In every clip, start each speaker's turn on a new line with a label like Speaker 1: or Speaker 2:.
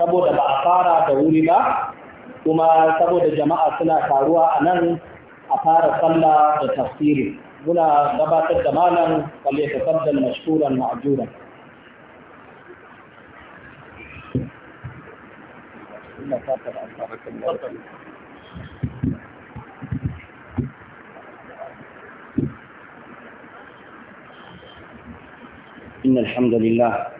Speaker 1: saboda ba a fara da wuri ba kuma saboda jama'a suna taruwa a nan a fara sallah da tafsiri muna gabatar da malam kalle ta tabbal mashkuran ma'jura إن الحمد لله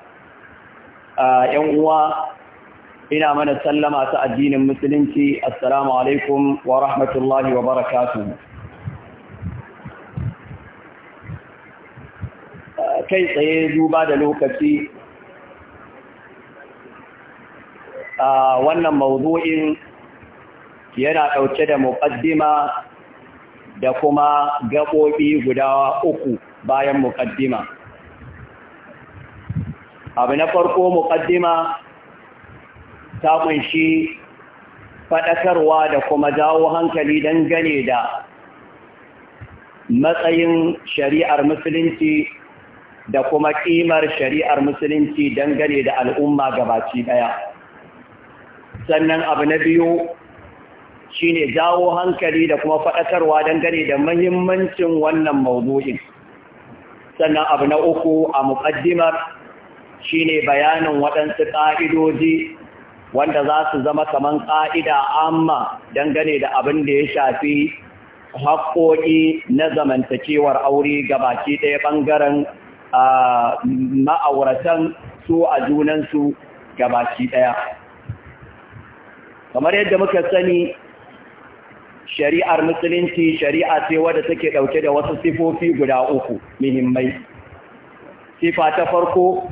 Speaker 1: yan uwa ina mana sallama ta addinin musulunci assalamu alaikum wa rahmatullahi wa barakatuh kai tsaye duba da lokaci a wannan mawuzo'in yana ɗauke da muƙaddima da kuma gaɓoɓi guda uku bayan muƙaddima abu na farko muƙaddima ta ƙunshi faɗakarwa da kuma jawo hankali don gane da matsayin shari'ar musulunci da kuma ƙimar shari'ar musulunci don gane da al'umma gabaci ɗaya sannan abu na biyu shine jawo hankali da kuma faɗakarwa don gane da mahimmancin wannan mawdu'in sannan abu na uku a muƙaddimar Shi ne bayanin waɗansu ƙa'idoji wanda za su zama kaman ƙa'ida amma dangane da abin da ya shafi haƙoƙi na zamantakewar aure ga baki ɗaya ɓangaren ma'auratan su a junansu ga baki ɗaya. Kamar yadda muka sani, shari'ar musulunci shari'a ce wadda take ɗauke da wasu sifofi guda uku muhimmai. Sifa ta farko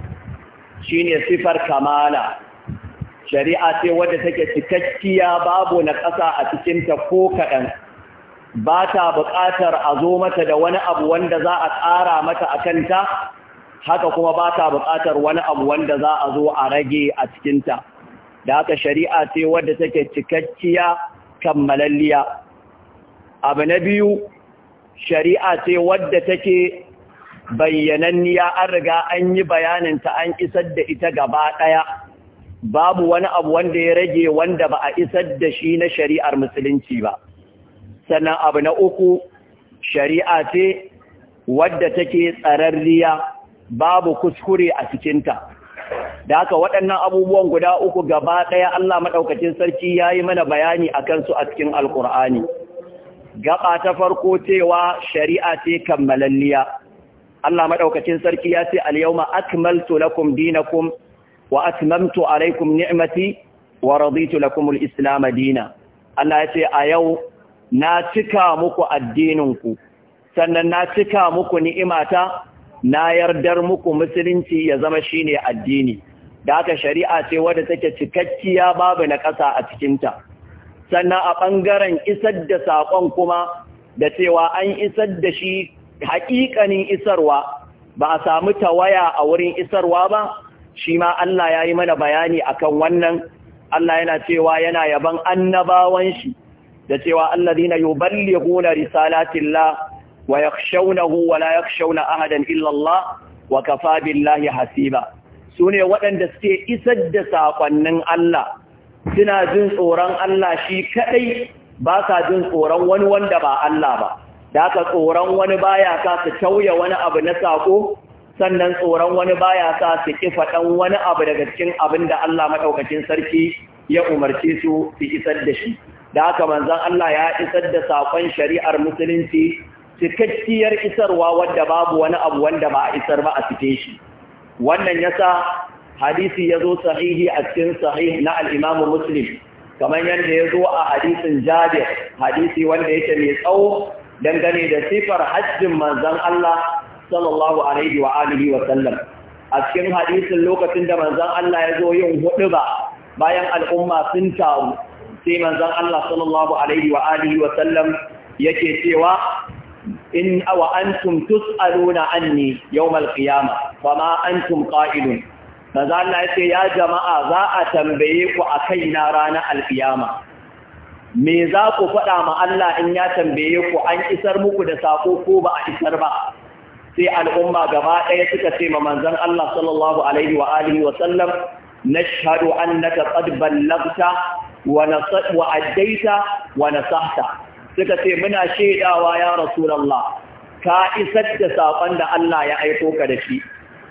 Speaker 1: Shi ne sifar kamala shari'a ce wadda take cikakkiya babu na ƙasa a cikinta ko kaɗan ba ta buƙatar a zo mata da wani abu wanda za a ƙara mata a kanta haka kuma ba ta buƙatar wani abu wanda za a zo a rage a cikinta da haka shari'a ce wadda take cikakkiya kan kammalalliya abu na biyu shari'a ce wadda take bayyananniya an riga an yi bayanin ta an isar da ita gaba ɗaya babu wani abu wanda ya rage wanda ba a isar da shi na shari'ar musulunci ba sannan abu na uku shari'a ce wadda take tsararriya babu kuskure a cikinta da haka waɗannan abubuwan guda uku gaba ɗaya Allah maɗaukacin sarki ya yi mana bayani a kansu a cikin Alkur'ani. gaba ta farko cewa shari'a ce kammalalliya Allah maɗaukacin sarki ya ce al-yawma akmaltu lakum dinakum wa atmamtu alaykum ni'mati wa raditu lakum al-islam dinan Allah ya ce a yau na cika muku addininku sannan na cika muku ni'imata na yardar muku musulunci ya zama shine addini da haka shari'a ce wadda take cikakkiya babu na ƙasa a cikinta sannan a ɓangaren isar da saƙon kuma da cewa an isar da shi haƙiƙanin isarwa ba a samu tawaya a wurin isarwa ba shi ma Allah ya yi mana bayani akan wannan Allah yana cewa yana yaban annabawan shi da cewa allazina yuballighuna risalatillah wa yakhshawnahu wa la yakhshawna ahadan illa Allah wa kafa billahi hasiba sune waɗanda suke isar da sakonnin Allah suna jin tsoron Allah shi kadai ba sa jin tsoron wani wanda ba Allah ba da aka tsoron wani baya sa su tauya wani abu na sako sannan tsoron wani baya sa su kifa ɗan wani abu daga cikin abin da Allah maɗaukacin sarki ya umarci su su isar da shi da haka manzon Allah ya isar da sakon shari'ar musulunci cikakkiyar isarwa wadda babu wani abu wanda ba a isar ba a cikin shi wannan yasa hadisi ya zo sahihi a cikin sahih na al-Imam Muslim kamar yadda ya zo a hadisin Jabir hadisi wanda yake mai tsawo dangane da sifar hajjin manzon Allah sallallahu alaihi wa alihi wa sallam a cikin hadisin lokacin da manzon Allah ya zo yin ba bayan al'umma sun taru sai manzon Allah sallallahu alaihi wa alihi wa sallam yake cewa in awa antum tus'aluna anni yawmal qiyamah fama antum qa'ilun manzon Allah yake ya jama'a za a tambaye ku akai na ranar alƙiyama." me za ku faɗa ma Allah in ya tambaye ku an isar muku da sako ko ba a isar ba sai al'umma gaba ɗaya suka ce ma manzon Allah sallallahu alaihi wa alihi wa sallam nashhadu annaka qad ballaghta wa wa addaita wa nasahta suka ce muna shaidawa ya rasulullah ka isar da sakon da Allah ya aiko ka da shi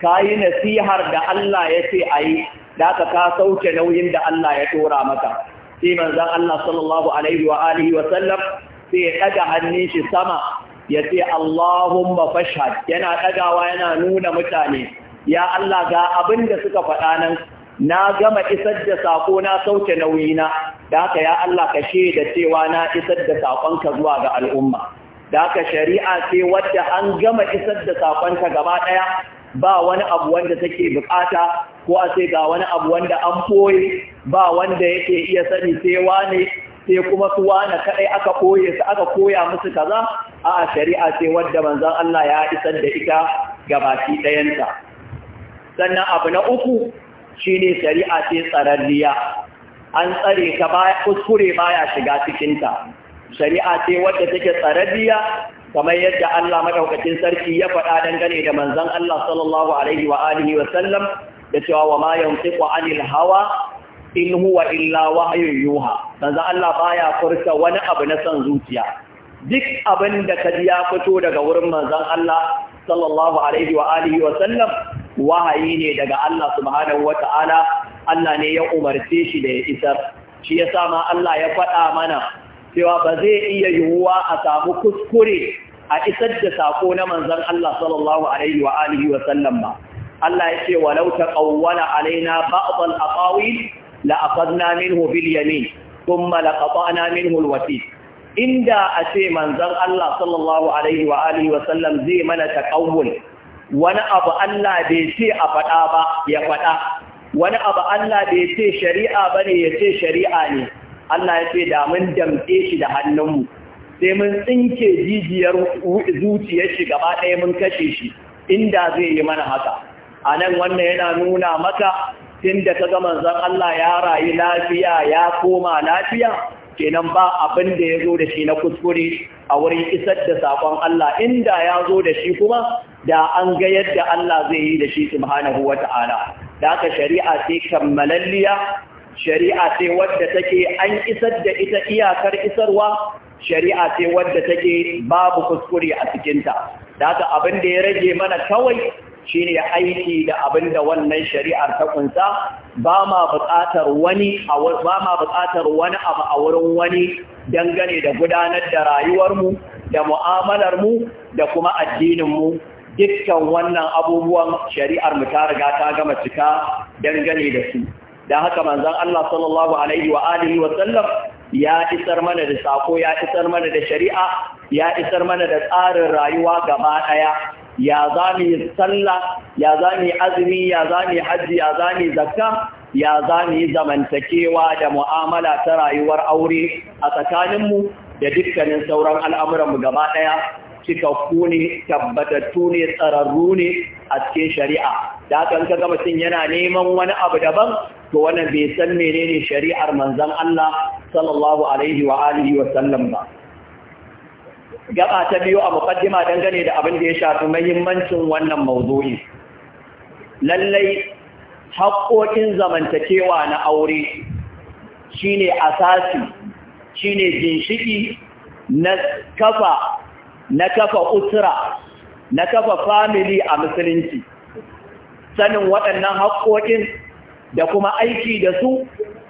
Speaker 1: ka yi nasihar da Allah ya ce a yi, da ka sauke nauyin da Allah ya tura maka. sai manzon Allah sallallahu alaihi wa alihi wa sallam sai ya ɗaga hannun shi sama ya ce Allahumma fashhad yana ɗagawa yana nuna mutane ya Allah ga abin da suka faɗa nan na gama isar da sako na sauke nauyina da haka ya Allah ka da cewa na isar da sakonka zuwa ga al'umma da haka shari'a ce wadda an gama isar da sakonka gaba ɗaya ba wani abu wanda take bukata ko a ce ga wani abu wanda an boye ba wanda yake iya sani sai wane sai kuma su wane kadai aka koye su aka koya musu kaza a shari'a ce wanda manzon Allah ya isar da ita gabaki dayanta sannan abu na uku shine shari'a ce tsararriya an tsare ka baya kuskure baya shiga cikin ta shari'a ce wadda take tsararriya kamar yadda Allah madaukakin sarki ya faɗa dangane da manzon Allah sallallahu alaihi wa alihi wa sallam da cewa wa ma yantiqu anil hawa in huwa illa wahyun yuha manzon Allah baya furta wani abu na san zuciya duk abin da ji ya fito daga wurin manzon Allah sallallahu alaihi wa alihi wa sallam wahayi ne daga Allah subhanahu wa ta'ala Allah ne ya umarce shi da ya isar shi yasa ma Allah ya faɗa mana cewa ba zai iya yiwuwa a samu kuskure a isar da sako na manzon Allah sallallahu alaihi wa alihi wa sallam ba Allah ya ce walau taqawwala alaina ba'd al-aqawil la aqadna minhu bil yamin thumma laqata'na minhu al-wasit inda a ce manzon Allah sallallahu alaihi wa alihi wa sallam zai mana taqawwul wani abu Allah bai ce a ba ya faɗa wani abu Allah bai ce shari'a bane ya ce shari'a ne Allah ya ce da mun damƙe shi da hannunmu sai mun tsinke jijiyar zuciyar shi gaba ɗaya mun kashe shi inda zai yi mana haka a nan wannan yana nuna maka tun da ka ga manzan Allah ya rayu lafiya ya koma lafiya kenan ba abin da ya zo da shi na kuskure a wurin isar da saƙon Allah inda ya zo da shi kuma da an ga yadda Allah zai yi da shi subhanahu ta'ala. da aka shari'a ce kammalalliya shari'a ce wadda take an isar da ita iyakar isarwa shari'a ce wadda take babu kuskure a cikinta da abin da ya rage mana kawai shine aiki da abin da wannan shari'ar ta kunsa ba ma buƙatar wani ba ma buƙatar wani abu a wurin wani dangane da gudanar da rayuwar mu da mu'amalar mu, da kuma addinin mu. dukkan wannan abubuwan shari'ar mu ta riga ta gama cika dangane da su da haka manzon Allah sallallahu alaihi wa alihi wa sallam ya isar mana da sako ya isar mana da shari'a ya isar mana da tsarin rayuwa gaba ɗaya ya za mu sallah ya za mu yi azumi ya za mu yi ya za zakka ya za mu yi zamantakewa da mu'amala ta rayuwar aure a tsakanin mu da dukkanin sauran al'amuranmu gaba ɗaya cikakku ne tabbatattu ne tsararru ne a cikin shari'a da kan ka ga mutum yana neman wani abu daban to wannan bai san menene shari'ar manzon Allah sallallahu alaihi wa alihi wa sallam ba gaba ta biyu a muqaddima dangane da abin da ya shafi muhimmancin wannan mawdu'i lallai haƙoƙin zamantakewa na aure shine asasi shine jinshiki na kafa na kafa usra na kafa family a musulunci sanin waɗannan haƙoƙin da kuma aiki da su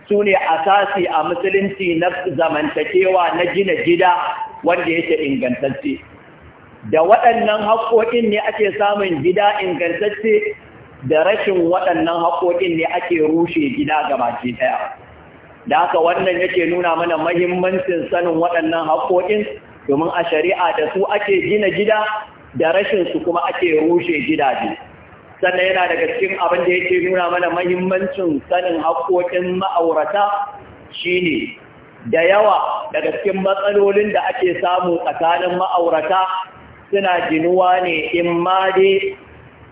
Speaker 1: su ne asasi a musulunci na zamantakewa na gina gida wanda yake ingantacce da waɗannan haƙoƙin ne ake samun gida ingantacce da rashin waɗannan haƙoƙin ne ake rushe gida gabaci ɗaya da haka wannan yake nuna mana mahimmancin sanin waɗannan haƙoƙin domin a shari'a da su ake gina gida da rashin su kuma ake rushe gidaje sannan yana daga cikin abin da yake nuna mana mahimmancin sanin haƙoƙin ma'aurata shine da yawa daga cikin matsalolin da ake samu tsakanin ma'aurata suna jinuwa ne in ma dai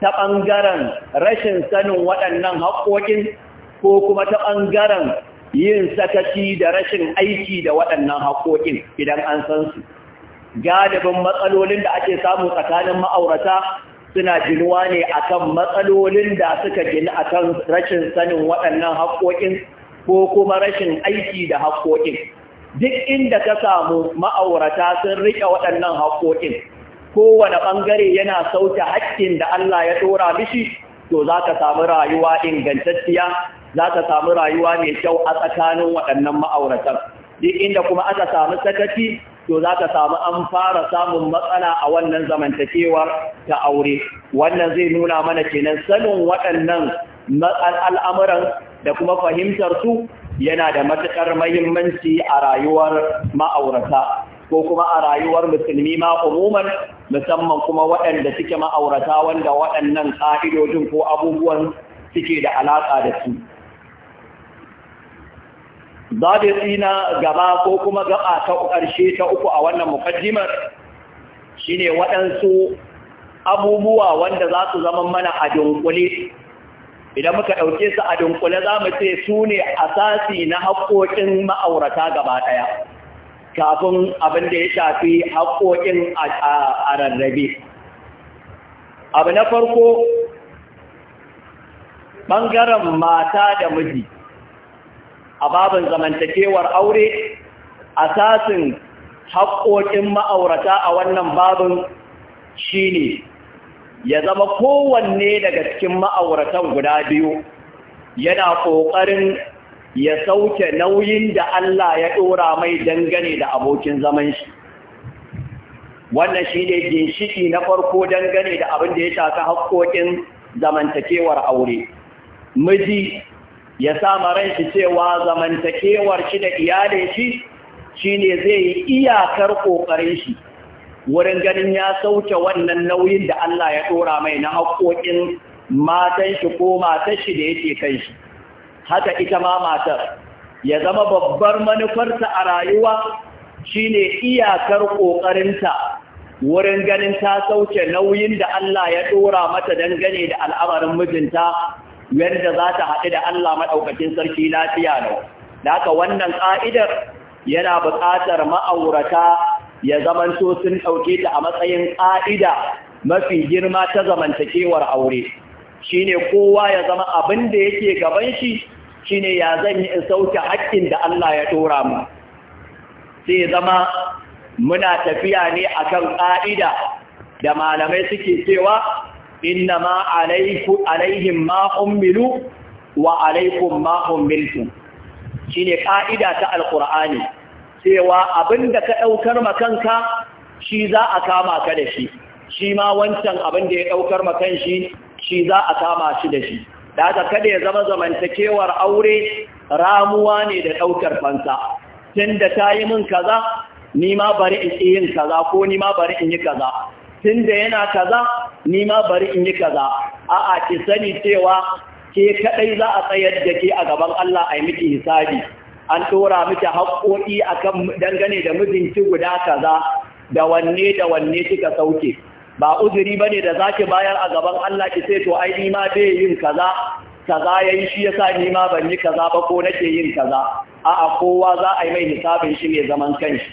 Speaker 1: ta ɓangaren rashin sanin waɗannan haƙoƙin ko kuma ta ɓangaren yin sakaci da rashin aiki da waɗannan haƙoƙin idan an san su. Gadabin matsalolin da ake samu tsakanin ma'aurata suna ginuwa ne a kan matsalolin da suka gini kan rashin sanin waɗannan haƙoƙin ko kuma rashin aiki da haƙoƙin duk inda ka samu ma'aurata sun riƙe waɗannan haƙoƙin kowane ɓangare yana sauta haƙƙin da Allah ya ɗora mishi to za ka samu rayuwa ingantacciya za ka samu rayuwa mai kyau a tsakanin waɗannan ma'auratan duk inda kuma aka samu sakaci to za ka samu an fara samun matsala a wannan zamantakewar ta aure wannan zai nuna mana kenan sanin waɗannan al'amuran da kuma fahimtar su yana da matuƙar mahimmanci a rayuwar ma'aurata ko kuma a rayuwar musulmi ma umuman musamman kuma waɗanda suke ma'aurata wanda waɗannan ƙa'idojin ko abubuwan suke da alaƙa da su. dabiti na gaba ko kuma gaba ta ƙarshe ta uku a wannan mukaddimar shine waɗansu abubuwa wanda za su zama mana a dunkule idan muka ɗauke su a dunkule za mu ce su ne asasi na haƙoƙin ma'aurata gaba ɗaya kafin abin da ya shafi haƙoƙin a rarrabe abu na farko ɓangaren mata da miji a babin zamantakewar aure asasin haƙoƙin ma'aurata a wannan babin shine ya zama kowanne daga cikin ma'auratan guda biyu yana ƙoƙarin ya sauke nauyin da Allah ya ɗora mai dangane da abokin zaman shi wannan shi ne ginshiki na farko dangane da abin da ya shafi haƙoƙin zamantakewar aure miji ya sama ran shi cewa zamantakewar shi da iyalin shi shine zai yi iyakar kokarin shi wurin ganin ya sauke wannan nauyin da Allah ya dora mai na haƙoƙin matan shi ko matar shi da yake kai shi haka ita ma matar ya zama babbar manufarta a rayuwa shine iyakar ƙoƙarinta wurin ganin ta sauke nauyin da Allah ya dora mata dangane da al'amarin mijinta yadda za ta haɗu da Allah maɗaukacin sarki lafiya lau. Da haka wannan ƙa'idar yana buƙatar ma'aurata ya zamanto sun ɗauke ta a matsayin ƙa'ida mafi girma ta zamantakewar aure. Shi ne kowa ya zama abin da yake gaban shi shi ne ya zan yi in sauke haƙƙin da Allah ya tura mu. Sai zama muna tafiya ne akan ƙa'ida da malamai suke cewa inna ma alaiku alaihim ma ummilu wa alaikum ma ummiltum shine ka'ida ta alqur'ani cewa abinda ka daukar makanka shi za a kama ka da shi shi ma wancan abin da ya daukar makan shi shi za a kama shi da shi da kada ya zama zamantakewar aure ramuwa ne da daukar fansa tunda ta yi min kaza ni ma bari in yi kaza ko ni ma bari in yi kaza tun da yana kaza ni ma bari in yi kaza a'a ki sani cewa ke kaɗai za a tsayar da ke a gaban Allah a yi miki hisabi an tora miki haƙoƙi akan dangane da mijinki guda kaza da wanne da wanne kika sauke ba uzuri ba ne da za ki bayar a gaban Allah ki sai to ai ni ma bai yin kaza kaza yi shi yasa ni ma ban yi kaza ba ko nake yin kaza a'a kowa za a yi mai hisabin shi mai zaman kanshi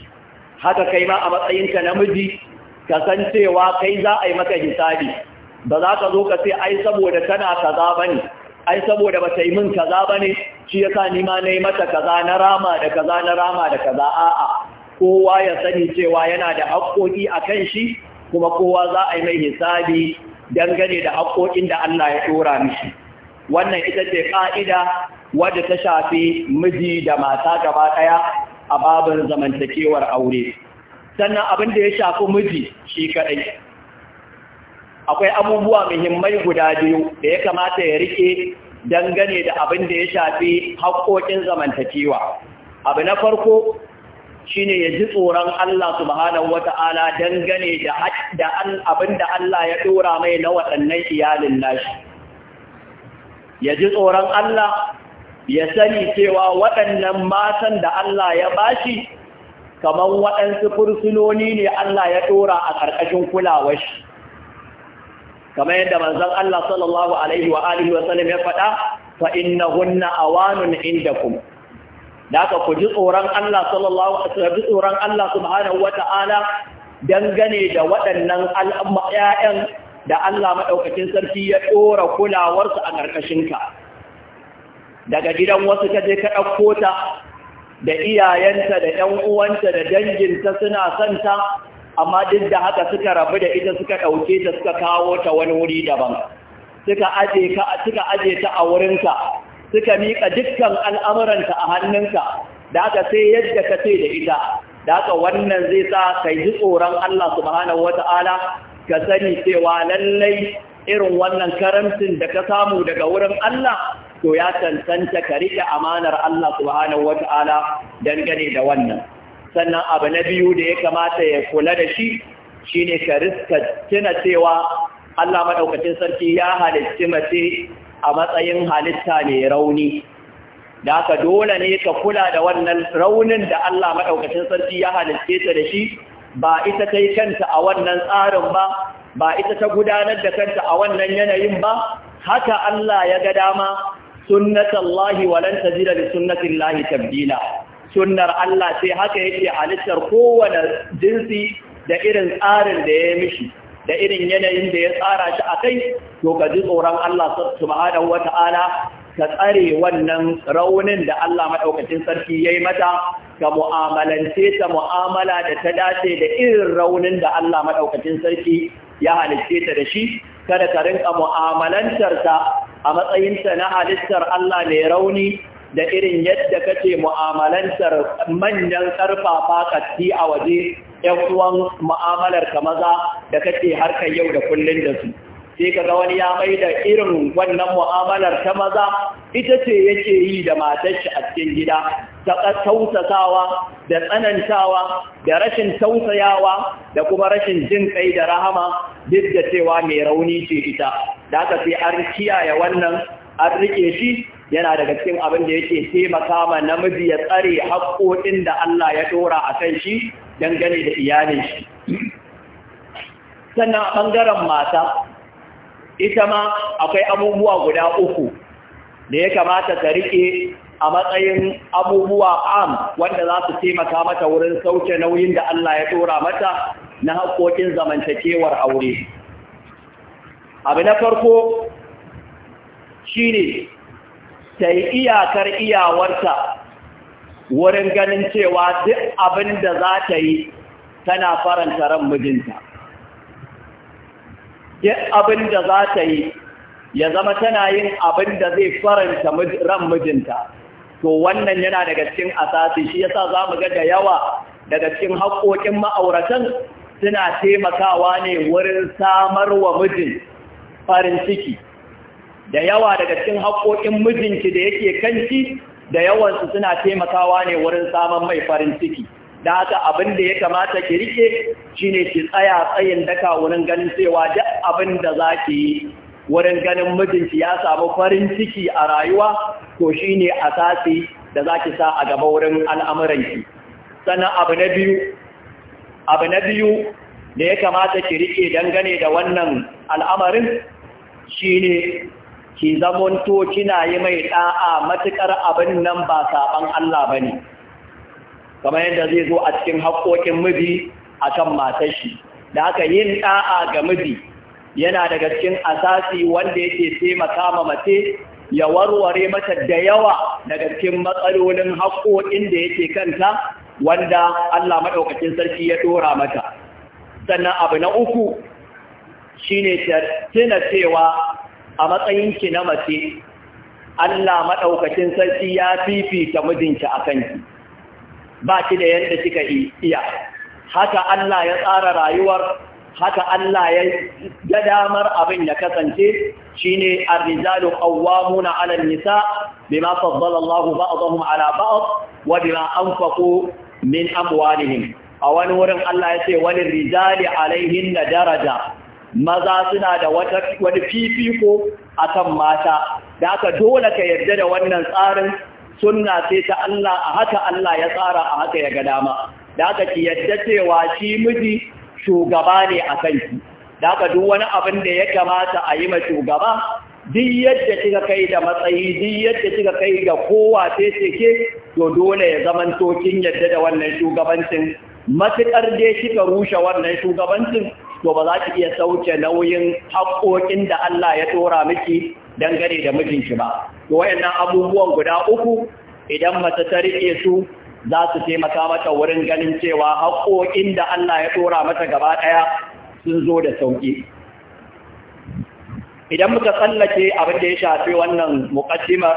Speaker 1: haka kai ma a matsayinka namiji cewa kai za a yi maka hisabi ba za ka zo ka ce ai saboda tana kaza bane ai saboda ba ta yi min kaza bane shi yasa ni ma nayi mata kaza na rama da kaza na rama da kaza a'a kowa ya sani cewa yana da a kan shi kuma kowa za a yi mai hisabi dangane da haƙoƙin da Allah ya ɗora mishi wannan ita ce ƙa'ida wadda ta shafi miji da mata gaba ɗaya a babin zamantakewar aure sannan abin da ya shafi miji shi kaɗai akwai abubuwa muhimmai guda biyu da ya kamata ya rike dangane da abin da ya shafi haƙoƙin zamantakewa abu na farko shi ne ya ji tsoron Allah subhanahu wata'ala dangane da abin da Allah ya ɗora mai na waɗannan iyalin nashi ya ji tsoron Allah ya sani cewa waɗannan matan da Allah ya bashi kamar waɗansu fursunoni ne Allah ya ɗora a ƙarƙashin kulawar shi kamar yadda manzon Allah sallallahu alaihi wa alihi wa sallam ya faɗa fa innahunna inda indakum da aka ku ji tsoron Allah sallallahu alaihi tsoron Allah subhanahu wa ta'ala dangane da waɗannan al'amma ƴaƴan da Allah madaukakin sarki ya ɗora kulawarsu a ƙarƙashinka daga gidan wasu ka je ka ɗauko ta da iyayenta da ‘yan uwanta da danginta suna santa amma duk da haka suka rabu da ita suka ɗauke ta suka kawo ta wani wuri daban suka aje ka suka aje ta a wurinka suka miƙa dukkan al'amuranta a hannunka da haka sai yadda ka ce da ita da haka wannan zai sa ka ji tsoron Allah subhanahu wata'ala ka sani cewa lallai irin wannan karamcin da ka samu daga wurin Allah to ya cancanta ka rike amanar Allah subhanahu wata'ala dangane da wannan sannan abu na biyu da ya kamata ya kula da shi shine ka riska tuna cewa Allah madaukakin sarki ya halicci mace a matsayin halitta ne rauni da ka dole ne ka kula da wannan raunin da Allah madaukakin sarki ya halicce ta da shi ba ita ta yi kanta a wannan tsarin ba ba ita ta gudanar da kanta a wannan yanayin ba haka Allah ya ga dama sunnatallahi wa lan tajida li lahi tabdila sunnar Allah sai haka yake halittar kowane jinsi da irin tsarin da ya mishi da irin yanayin da ya tsara shi a kai to ka ji tsoron Allah subhanahu wa ka tsare wannan raunin da Allah maɗaukacin sarki yayi mata ka mu'amalance ta mu'amala da ta dace da irin raunin da Allah maɗaukacin sarki ya halicce ta da shi kada ka rinka mu'amalantar a matsayinta na halittar Allah mai rauni da irin yadda kace mu'amalantar manyan ƙarfafa katti a waje ƴan uwan mu'amalar ka maza da kake harkar yau da kullun da su sai kaga wani ya mai da irin wannan mu'amalar ta maza ita ce yake yi da matar shi a cikin gida ta tausasawa da tsanantawa da rashin tausayawa da kuma rashin jin kai da rahama duk da cewa mai rauni ce ita da aka sai an kiyaye wannan an rike shi yana daga cikin abin da yake taimaka ma namiji ya tsare haƙoƙin da Allah ya dora a kan shi dangane da iyalin shi sannan a ɓangaren mata ita ma akwai abubuwa guda uku da ya kamata ta riƙe a matsayin abubuwa am wanda za su taimaka mata wurin sauke nauyin da Allah ya ɗora mata na haƙoƙin zamantakewar aure. Abu na farko shi ne ta yi iyakar iyawarta wurin ganin cewa duk abin da za ta yi tana faranta ran mijinta. duk abin da za ta yi ya zama tana yin abin da zai faranta ran mijinta to wannan yana daga cikin asasi shi yasa za mu ga da yawa daga cikin haƙoƙin ma'auratan suna taimakawa ne wurin samar wa mijin farin ciki da yawa daga cikin haƙoƙin mijinki da yake kanki da yawansu suna taimakawa ne wurin samar mai farin ciki da haka abin da ya kamata ki rike shine ki tsaya tsayin daka wurin ganin cewa duk abin da za ki yi wurin ganin mijinki ya samu farin ciki a rayuwa to shine asasi da za ki sa a gaba wurin al'amuranki sannan abu na biyu abu na biyu da ya kamata ki rike dangane da wannan al'amarin shine ki zamanto kina yi mai ɗa'a matukar abin nan ba saban Allah bane kamar yadda zai zo a cikin haƙoƙin miji a kan matashi, da aka yin ɗa'a ga miji yana daga cikin asasi wanda yake taimaka ma mace ya warware mata da yawa daga cikin matsalolin haƙoƙin da yake kanta wanda Allah maɗaukacin sarki ya ɗora mata sannan abu na uku shine tuna cewa a matsayinki na mace Allah maɗaukacin sarki ya fifita mijinki a kanki ba shi da yadda kika iya haka Allah ya tsara rayuwar haka Allah ya ga damar abin ya kasance shine ar-rijalu qawwamuna 'ala an-nisa bima faddala Allahu ba'dahum 'ala ba'd wa bima anfaqu min amwalihim a wani wurin Allah ya ce wani rijali alaihin na daraja maza suna da wani fifiko a kan mata da aka dole ka yarda da wannan tsarin sunna sai ta Allah a haka Allah ya tsara a haka ya ga dama da aka ki yadda cewa shi miji shugaba ne a kanki da aka duk wani abin da ya kamata a yi ma shugaba duk yadda kika kai da matsayi duk yadda kika kai da kowa sai ke to dole ya zaman tokin yadda da wannan shugabancin matuƙar dai kika rushe wannan shugabancin to ba za ki iya sauke nauyin haƙoƙin da Allah ya tora miki dangane da mijinki ba to wayannan abubuwan guda uku idan mace ta rike su za su taimaka mata wurin ganin cewa haƙoƙin da Allah ya tsora mata gaba ɗaya sun zo da sauƙi. Idan muka tsallake abin da ya shafi wannan muƙaddimar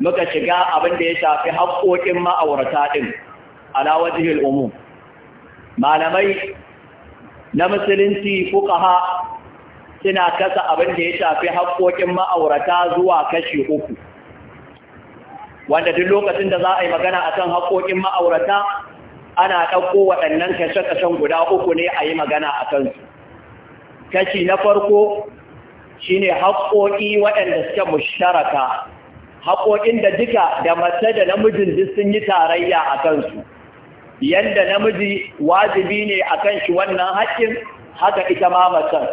Speaker 1: muka shiga abin da ya shafi haƙoƙin ma'aurata ɗin wajihil umum. Malamai na musulunci fukaha suna kasa abin da ya shafi haƙoƙin ma'aurata zuwa kashi uku wanda duk lokacin da za a yi magana a kan haƙoƙin ma'aurata ana ɗauko waɗannan kashe-kashen guda uku ne a yi magana a kansu kashi na farko shi ne haƙoƙi waɗanda suke musharaka haƙoƙin da duka da mace da namijin duk sun yi tarayya a kansu yadda namiji wajibi ne a kan shi wannan haƙƙin haka ita ma macen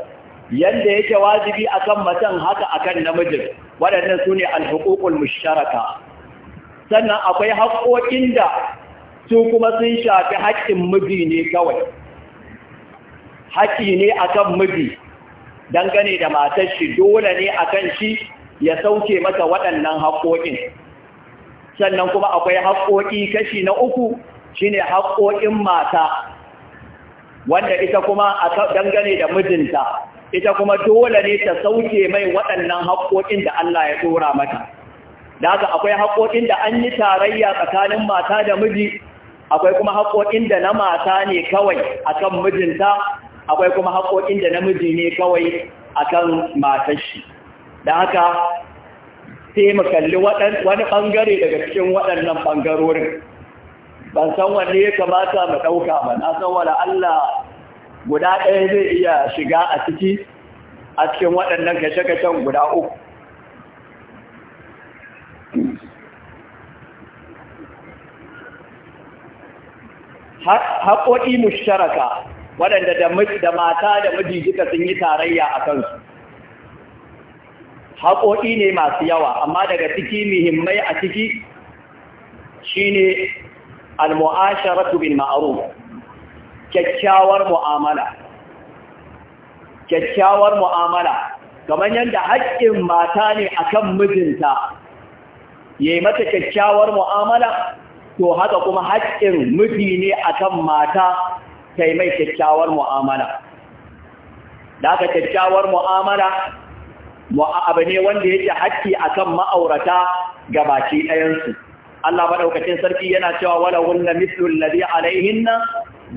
Speaker 2: yanda yake wajibi akan matan haka akan namijin waɗannan sune ne
Speaker 1: musharaka sannan akwai haƙoƙin da su kuma sun shafi haƙƙin miji ne kawai haƙƙi ne akan miji dangane da matar shi dole ne akan shi ya sauke mata waɗannan haƙoƙin sannan kuma akwai haƙoƙi kashi na uku shine haƙoƙin mata wanda ita kuma dangane da mijinta ita kuma dole ne ta sauke mai waɗannan haƙoƙin da Allah ya tura mata. Da akwai haƙoƙin da an yi tarayya tsakanin mata da miji, akwai kuma haƙoƙin da na mata ne kawai akan mijinta, akwai kuma haƙoƙin da na miji ne kawai akan kan matashi. Da haka sai mu kalli wani ɓangare daga cikin waɗannan ɓangarorin. Ban san wanne ya kamata mu ɗauka ba, na san wala Allah guda ɗaya zai iya shiga a ciki a cikin waɗannan kashe-kashen guda uku haƙoƙi sharaka, waɗanda da mata da miji sun yi tarayya a kansu haƙoƙi ne masu yawa amma daga ciki muhimmai a ciki shine al-mu'asharatu bin kyakkyawar mu'amala kyakkyawar mu'amala kamar yadda haƙƙin mata ne akan mijinta yayi mata kyakkyawar mu'amala to haka kuma haƙƙin miji ne akan mata ta mai kyakkyawar mu'amala da aka kyakkyawar mu'amala abu ne wanda yake haƙƙi akan ma'aurata ga baki ɗayansu Allah maɗaukacin sarki yana cewa wala hunna mislul ladhi alayhinna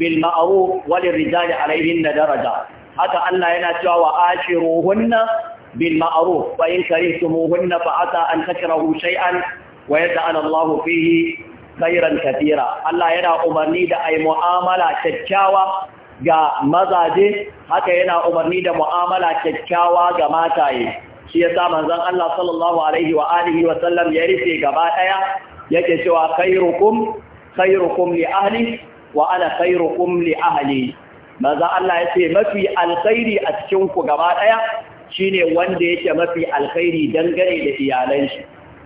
Speaker 1: bil ma'ruf wa lirrijali alaihinna daraja haka Allah yana cewa wa ashiruhunna bil ma'ruf wa in karihtumuhunna fa ata an takrahu shay'an wa yaj'al Allah fihi khairan katira Allah yana umarni da ai mu'amala kyakkyawa ga mazaje haka yana umarni da mu'amala kyakkyawa ga mataye shi yasa manzon Allah sallallahu alaihi wa alihi wa sallam ya rufe gaba daya yake cewa khairukum khairukum li ahli wa ana kairu li ahli maza Allah ya ce mafi alkhairi a cikin ku gaba daya shine wanda yake mafi alkhairi dangane da iyalan shi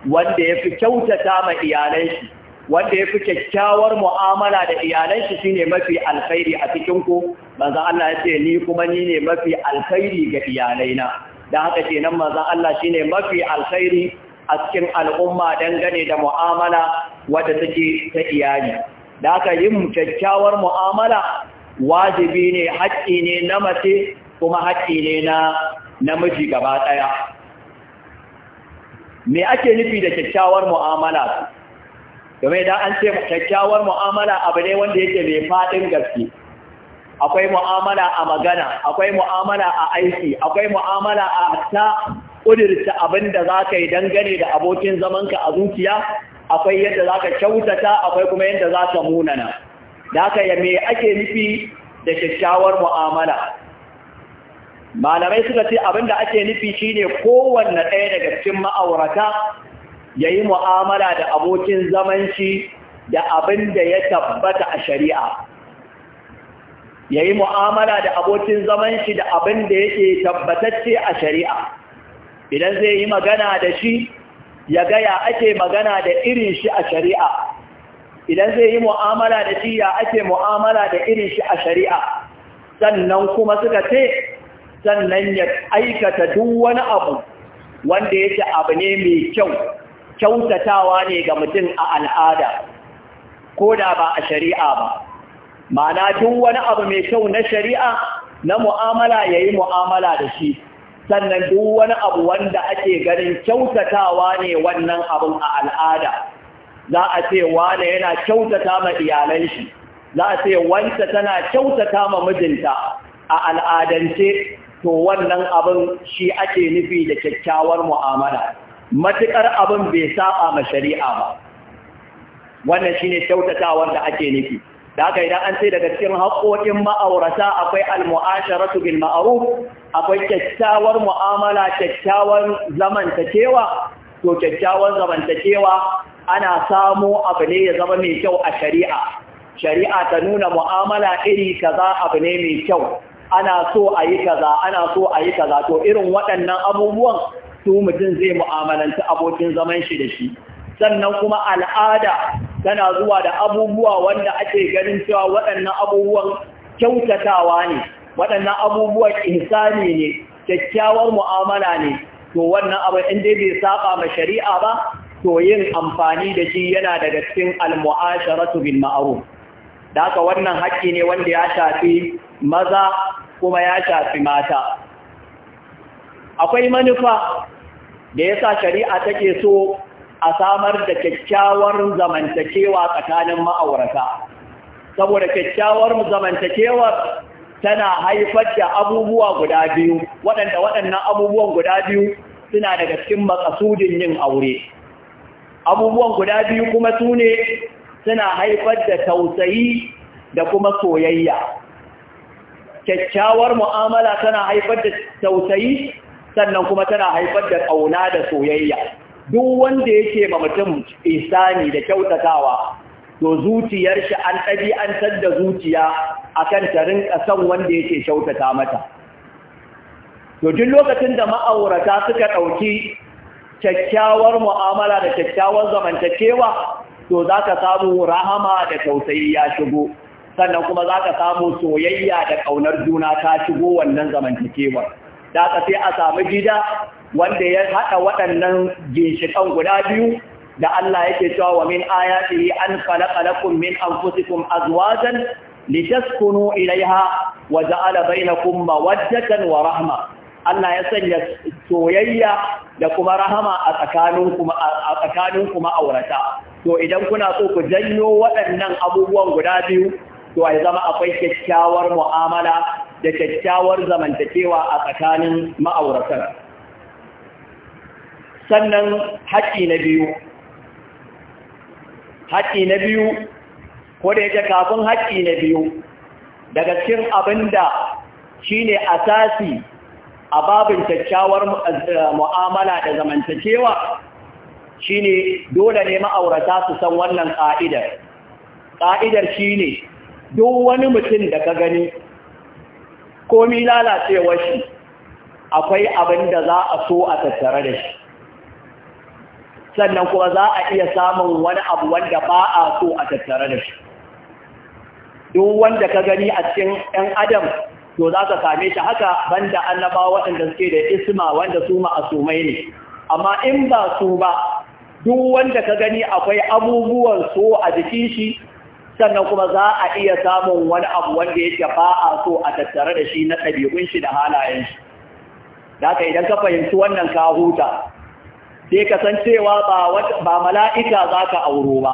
Speaker 1: wanda yafi kyautata ma iyalan shi wanda yafi kyakkyawar mu'amala da iyalan shi shine mafi alkhairi a cikin ku maza Allah ya ni kuma ni ne mafi alkhairi ga iyalaina Dan haka kenan maza Allah shine mafi alkhairi a cikin al'umma dangane da mu'amala wadda take ta iyali da aka yin kyakkyawar mu'amala wajibi ne haƙƙi ne na mace kuma haƙƙi ne na namiji gaba ɗaya me ake nufi da kyakkyawar mu'amala game da an ce kyakkyawar mu'amala abu ne wanda yake mai faɗin gaske akwai mu'amala a magana akwai mu'amala a aiki akwai mu'amala a ta ƙudurta abin da za ka yi dangane da abokin zamanka a zuciya akwai yadda za ka kyautata akwai kuma yadda za ka munana da aka ya me ake nufi da kyakkyawar mu'amala malamai suka ce abinda ake nufi shine kowanne ɗaya daga cikin ma'aurata ya yi mu'amala da abokin zamanci da abin da ya tabbata a shari'a ya yi mu'amala da abokin zamanci da abin yake tabbatacce a shari'a idan zai yi magana da shi ya gaya ake magana da irin shi a shari'a idan zai yi mu'amala da shi ya ake mu'amala da irin shi a shari'a sannan kuma suka ce sannan ya aikata duk wani abu wanda yake abu ne mai kyau kyautatawa ne ga mutum a al'ada ko da ba a shari'a ba ma'ana duk wani abu mai kyau na shari'a na mu'amala ya yi mu'amala da shi sannan duk wani abu wanda ake ganin kyautatawa ne wannan abun a al'ada za a ce wane yana kyautata ma iyalan shi za a ce wanda tana kyautata ma mijinta a al'adance to wannan abin shi ake nufi da kyakkyawar mu'amala matukar abin bai saba ma shari'a ba wannan shine kyautatawar da ake nufi da haka idan an sai daga cikin haƙoƙin ma'aurata akwai al-mu'asharatu bil ma'ruf akwai kyakkyawar mu'amala kyakkyawar zamantakewa to kyakkyawar zamantakewa ana samu abu ne ya zama mai kyau a shari'a shari'a ta nuna mu'amala iri kaza abu ne mai kyau ana so a yi kaza ana so a yi kaza to irin waɗannan abubuwan su mutum zai mu'amalanci abokin zaman shi da shi sannan kuma al'ada tana zuwa da abubuwa wanda ake ganin cewa waɗannan abubuwan kyautatawa ne waɗannan abubuwan ihsani ne kyakkyawar mu'amala ne to wannan abu in dai bai saba ma shari'a ba to yin amfani da shi yana daga cikin al-mu'asharatu bil ma'ruf da haka wannan haƙƙi ne wanda ya shafi maza kuma ya shafi mata akwai manufa da yasa shari'a take so a samar da kyakkyawar zamantakewa tsakanin ma'aurata saboda kyakkyawar zamantakewar tana haifar da abubuwa guda biyu waɗanda waɗannan abubuwan guda biyu suna daga cikin makasudin yin aure abubuwan guda biyu kuma sune suna haifar da tausayi da kuma soyayya kyakkyawar mu'amala tana haifar da tausayi sannan kuma tana haifar da ƙauna da soyayya duk wanda yake ma mutum isani da kyautatawa to zuciyar shi an ɗabi'antar da zuciya akan ta kasan son wanda yake kyautata mata to duk lokacin da ma'aurata suka ɗauki kyakkyawar mu'amala da kyakkyawar zamantakewa to zaka samu rahama da tausayi ya shigo sannan kuma zaka samu soyayya da ƙaunar juna ta shigo wannan zamantakewa da ka sai a samu gida wanda ya haɗa waɗannan ginshiƙan guda biyu da Allah yake cewa wa min ayatihi an khalaqa lakum min anfusikum azwajan litaskunu ilaiha wa ja'ala bainakum mawaddatan wa rahma Allah ya sanya soyayya da kuma rahama a tsakaninku a ma'aurata to idan kuna so ku janyo waɗannan abubuwan guda biyu to ai zama akwai kyakkyawar mu'amala da kyakkyawar zamantakewa a tsakanin ma'auratan sannan haƙƙi na biyu haƙƙi na biyu ko da yake kafin haƙƙi na biyu daga cikin abin da shi ne asasi a babin kyakkyawar eh, mu'amala da zamantakewa shi ne dole ne ma'aurata su san wannan ƙa'idar ƙa'idar shi ne duk wani mutum da ka gani komi lalacewar shi akwai abin da za a so a tattare da shi sannan kuma za a iya samun wani abu wanda ba a so a tattare da shi duk wanda ka gani a cikin 'yan adam to za ka same shi haka banda annaba waɗanda suke da isma wanda su ma'asumai ne amma in ba su ba duk wanda ka gani akwai abubuwan so a jikin shi sannan kuma za a iya samun wani abu wanda yake ba a so a tattare da shi na ɗabi'un shi da halayen shi da haka idan ka fahimci wannan ka huta sai cewa ba mala'ika za ka auro ba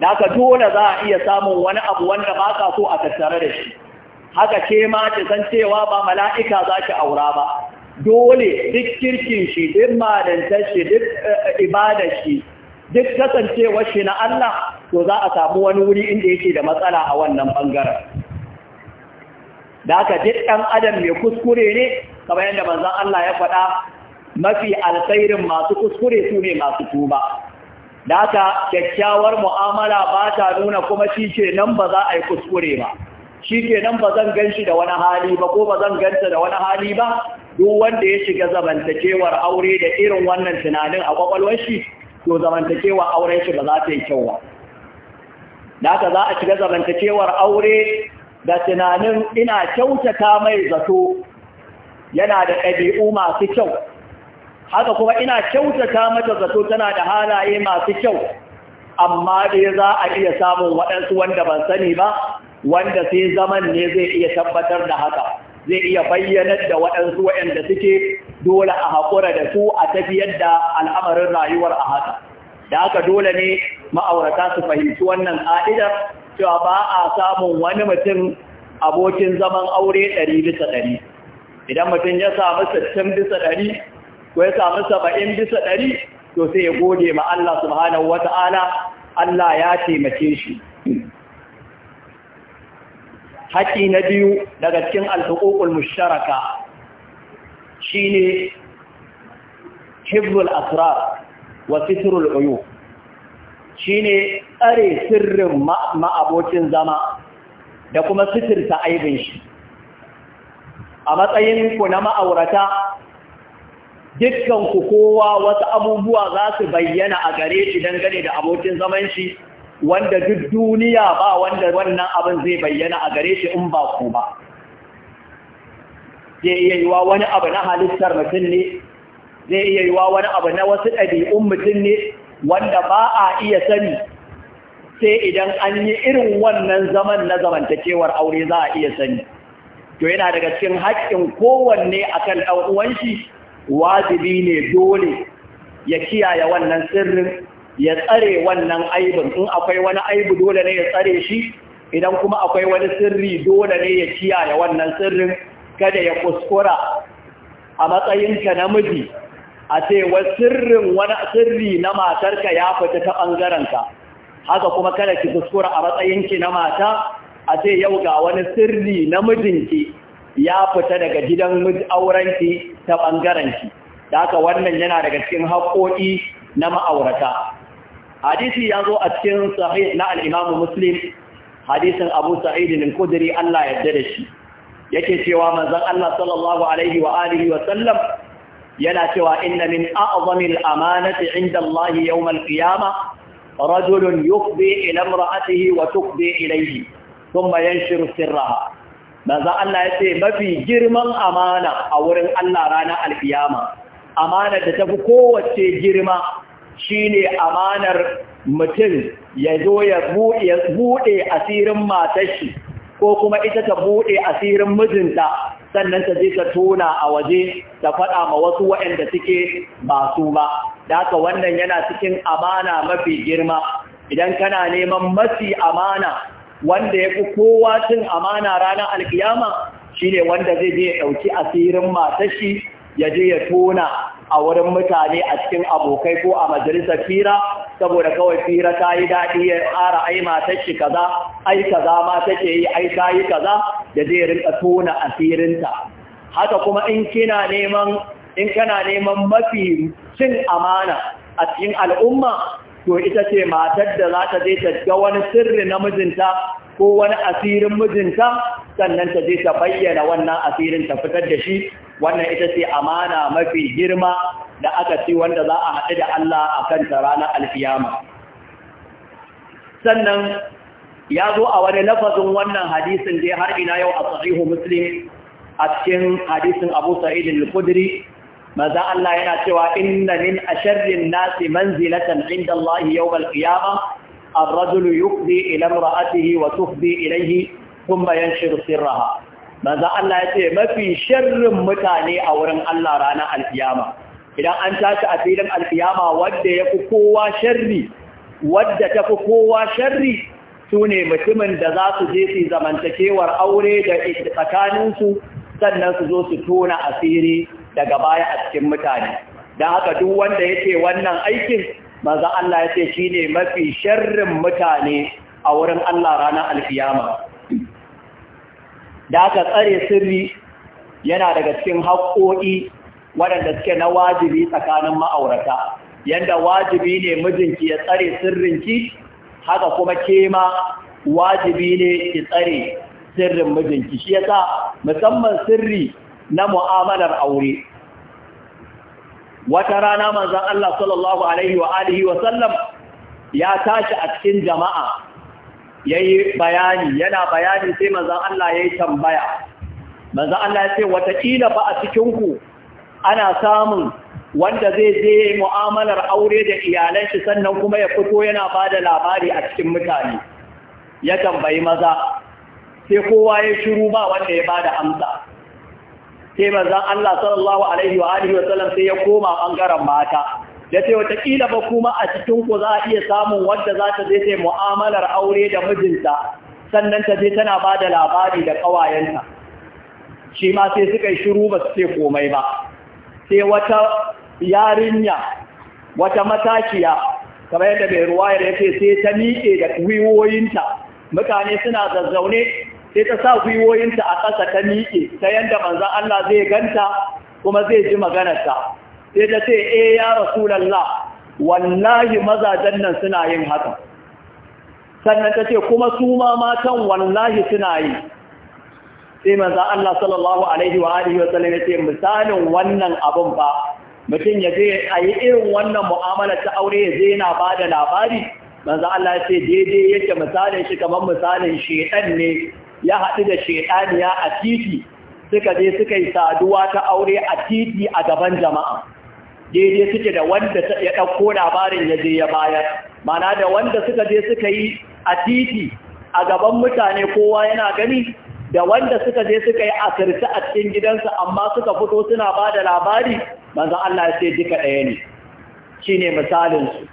Speaker 1: da ka dole za a iya samun wani abu wanda ba ka so a tattare da shi haka ce ma ta san cewa ba mala'ika za ki aura ba dole duk kirkin shi duk madantar shi duk eh, ibadar shi duk kasancewar shi na Allah to za a samu wani wuri inda yake da matsala a wannan bangaren da haka duk ɗan adam mai kuskure ne kamar yadda manzon Allah ya faɗa mafi alkhairin masu kuskure su ne masu tuba da haka kyakkyawar mu'amala ba ta nuna kuma shi ke nan ba za a yi kuskure ba shi ke nan ba zan gan shi da wani hali ba ko ba zan ganta da wani hali ba duk wanda ya shiga zamantakewar aure da irin wannan tunanin a kwakwalwar shi to zamantakewar auren shi ba za ta yi kyau ba da haka za a shiga zamantakewar aure da tunanin ina kyautata mai zato yana da ɗabi'u masu kyau haka kuma ina kyautata mata zato tana da halaye masu kyau amma dai za a iya samun waɗansu wanda ban sani ba wanda sai zaman ne zai iya tabbatar da haka zai iya bayyanar da waɗansu waɗanda suke dole a haƙura da su a tafiyar da al'amarin rayuwar a haka da haka dole ne ma'aurata su fahimci wannan ƙa'idar cewa ba a samun wani mutum abokin zaman aure ɗari bisa ɗari idan mutum ya samu sittin bisa ɗari ko ya samu saba'in bisa ɗari to sai ya gode ma Allah subhanahu wata'ala Allah ya taimake shi haƙi na biyu daga cikin alhuququl musharaka shine hibbul asra wa sitrul shi shine tsare sirrin ma'abocin zama da kuma sitirta aibin shi a matsayin ku na ma'aurata dukkan ku kowa wasu abubuwa za su bayyana a gare shi dangane da abokin zaman shi wanda duk duniya ba wanda wannan abin zai bayyana a gare shi in ba ku ba zai iya yi wa wani abu na halittar mutum ne zai iya yi wa wani abu na wasu ɗabi'un mutum ne wanda ba a iya sani sai idan an yi irin wannan zaman na zamantakewar aure za a iya sani to yana daga cikin haƙƙin kowanne akan ɗan uwan shi wajibi ne dole ya kiyaye wannan sirrin ya tsare wannan aibin in akwai wani aibu dole ne ya tsare shi idan kuma akwai wani sirri dole ne ya kiyaye wannan sirrin kada ya kuskura a matsayinka namiji a ce wa sirrin wani sirri na matarka ya fita ta ɓangarenka haka kuma kada ki kuskura a matsayinki na mata a ce yau ga wani sirri na mijinki ya fita daga gidan aurenki ta ɓangarenki da wannan yana daga cikin haƙoƙi na ma'aurata hadisi ya zo a cikin sahih na al'imamu muslim hadisin abu sa'idin al-kudiri Allah yarda da shi yake cewa manzon Allah sallallahu alaihi wa alihi wa sallam yana cewa inna min a'zami amanati 'inda Allah yawm al-qiyamah rajulun yufdi ila imra'atihi wa tukbi ilayhi thumma yanshiru sirraha manzan Allah ya ce mafi girman amana a wurin Allah ranar alfiyama amanar da tafi kowace girma shine amanar mutum ya zo ya buɗe asirin matashi ko kuma ita ta buɗe asirin mijinta sannan ta je ta tona a waje ta faɗa ma wasu waɗanda suke basu ba da wannan yana cikin amana mafi girma idan kana neman mafi amana wanda ya fi kowa cin amana ranar alkiyama shi ne wanda zai je ya ɗauki asirin matashi ya je ya tona a wurin mutane a cikin abokai ko a majalisar fira saboda kawai fira ta yi daɗi ya ƙara ai matashi kaza ai kaza ma take yi ai ta yi kaza da zai rinka tona asirinta haka kuma in kina kana neman mafi cin amana a cikin al'umma to ita ce matar da za ta je ta ga wani sirri na mijinta ko wani asirin mijinta sannan ta je ta bayyana wannan asirin ta fitar da shi wannan ita ce amana mafi girma da aka ci wanda za a haɗu da Allah a kanta ranar alfiyama sannan ya zo a wani lafazin wannan hadisin dai har ina yau a sahihu muslim a cikin hadisin abu sa'id al-khudri maza Allah yana cewa inna min asharrin nasi manzilatan inda Allah yawm al-qiyamah ar-rajul yuqdi ila imra'atihi wa tufdi ilayhi thumma yanshiru sirraha maza Allah yace mafi sharrin mutane a wurin Allah ranar al-qiyama idan an tashi a filin al-qiyama wanda yafi kowa sharri wanda tafi kowa sharri sune mutumin da za su je su zamantakewar aure da tsakaninsu sannan su zo su tona asiri daga baya a cikin mutane don haka duk wanda yake wannan aikin maza Allah ya ce shi ne mafi sharrin mutane a wurin Allah ranar alfiyama da aka tsare sirri yana daga cikin haƙoƙi waɗanda suke na wajibi tsakanin ma'aurata yadda wajibi ne mijinki ya tsare sirrinki haka kuma ke ma wajibi ne ki tsare sirrin mijinki shi yasa musamman sirri na mu'amalar aure wata rana manzan Allah sallallahu alaihi wa alihi wa sallam ya tashi a cikin jama'a yayi bayani yana bayani sai manzan Allah yayi tambaya Manzan Allah ya ce watakila ba a cikin ku ana samun wanda zai je mu'amalar aure da iyalanshi shi sannan kuma ya fito yana ba da labari a cikin mutane ya tambayi maza sai kowa ya shiru ba wanda ya ba da amsa sai manzan Allah sallallahu alaihi wa alihi wa sallam sai ya koma ɓangaren mata ya ce watakila ba kuma a cikinku za a iya samun wadda za ta je sai mu'amalar aure da mijinta sannan ta je tana ba da labari da ƙawayenta shi ma sai suka yi shiru ba su ce komai ba sai wata yarinya wata matashiya kamar yadda mai ruwa ya ce sai ta miƙe da wiwoyinta mutane suna zazzaune sai ta sa gwiwoyinta a ƙasa ta miƙe ta yadda manzan Allah zai ganta kuma zai ji maganarta sai ta ce e ya rasulallah wallahi mazajen nan suna yin haka sannan ta ce kuma su ma matan wallahi suna yi sai manzan Allah sallallahu alaihi wa alihi wa sallam ya ce misalin wannan abin ba mutum ya je a yi irin wannan mu'amala ta aure ya je na ba da labari manzan Allah ya ce daidai yake misalin shi kamar misalin shedan ne ya haɗu da shekaniya a titi suka je suka yi saduwa ta aure a titi a gaban jama'a daidai suke da wanda ya ɗauko labarin ya je ya bayar mana da wanda suka je suka yi a titi a gaban mutane kowa yana gani da wanda suka je suka yi a asirce a cikin gidansa amma suka fito suna ba da labari manzo Allah ya ce duka ɗaya ne shi ne misalinsu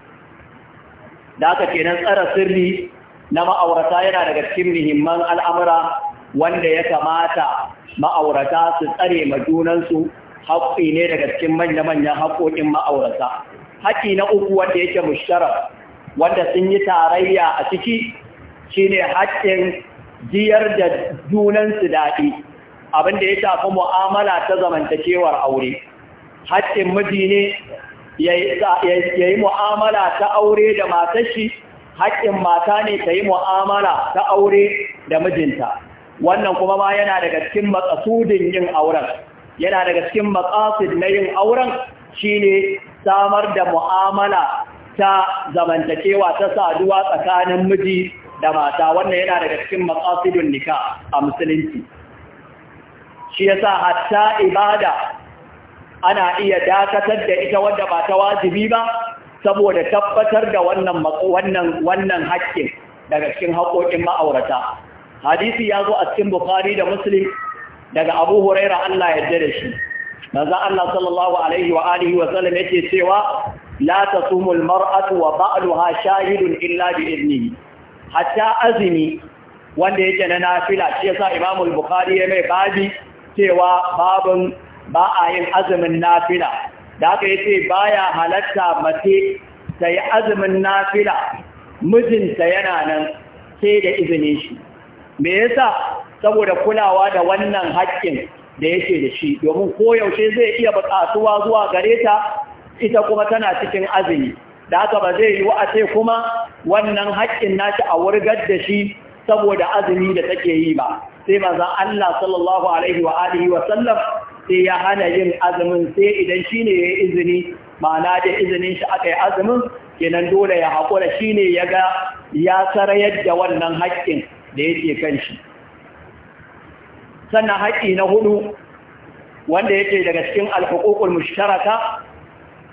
Speaker 1: da aka kenan tsara sirri na ma'aurata yana daga cikin muhimman al'amura wanda ya kamata ma'aurata su tsare ma junansu haƙƙi ne daga cikin manya-manyan haƙoƙin ma'aurata. Haƙƙi na uku wanda yake musharar wanda sun yi tarayya a ciki shine haƙƙin jiyar da junansu daɗi abin da ya shafi mu'amala ta zamantakewar aure. Haƙƙin miji ne ya yi mu'amala ta aure da matashi haƙƙin mata ne ta yi mu'amala ta aure da mijinta wannan kuma ma yana daga cikin matsasudin yin auren yana daga cikin maƙasid na yin auren Shi ne samar da mu'amala ta zamantakewa ta saduwa tsakanin miji da mata wannan yana daga cikin matsasudin nika a musulunci shi ya sa hatta ibada ana iya dakatar da ita wanda ba ta wajibi ba saboda tabbatar da wannan wannan wannan haƙƙin daga cikin haƙoƙin ma'aurata hadisi ya zo a cikin bukhari da muslim daga abu huraira Allah ya yarda da shi manzo Allah sallallahu alaihi wa alihi wa sallam yake cewa la tasumu mar'atu wa ba'luha shahidun illa bi idnihi hatta azmi wanda yake na nafila shi yasa Imam al-Bukhari ya mai babi cewa babun ba a yin azumin nafila da aka yi yace baya halatta mace ta yi azumin nafila mijinta yana nan sai da izinin shi me yasa saboda kulawa da wannan haƙƙin da yake da shi domin koyaushe zai iya buƙatuwa zuwa gare ta ita kuma tana cikin azumi da aka ba zai yi wa kuma wannan haƙƙin nashi a wurgar da shi saboda azumi da take yi ba sai manzon Allah sallallahu alaihi wa alihi wa sallam sai ya hana yin azumin sai idan shi ne ya izini ma'ana da izinin shi aka yi azumin kenan dole ya haƙura shi ne ya ga ya sarayar da wannan haƙƙin da ya yake kan shi sannan haƙƙi na hudu wanda ya ce daga cikin alhukukul mushtaraka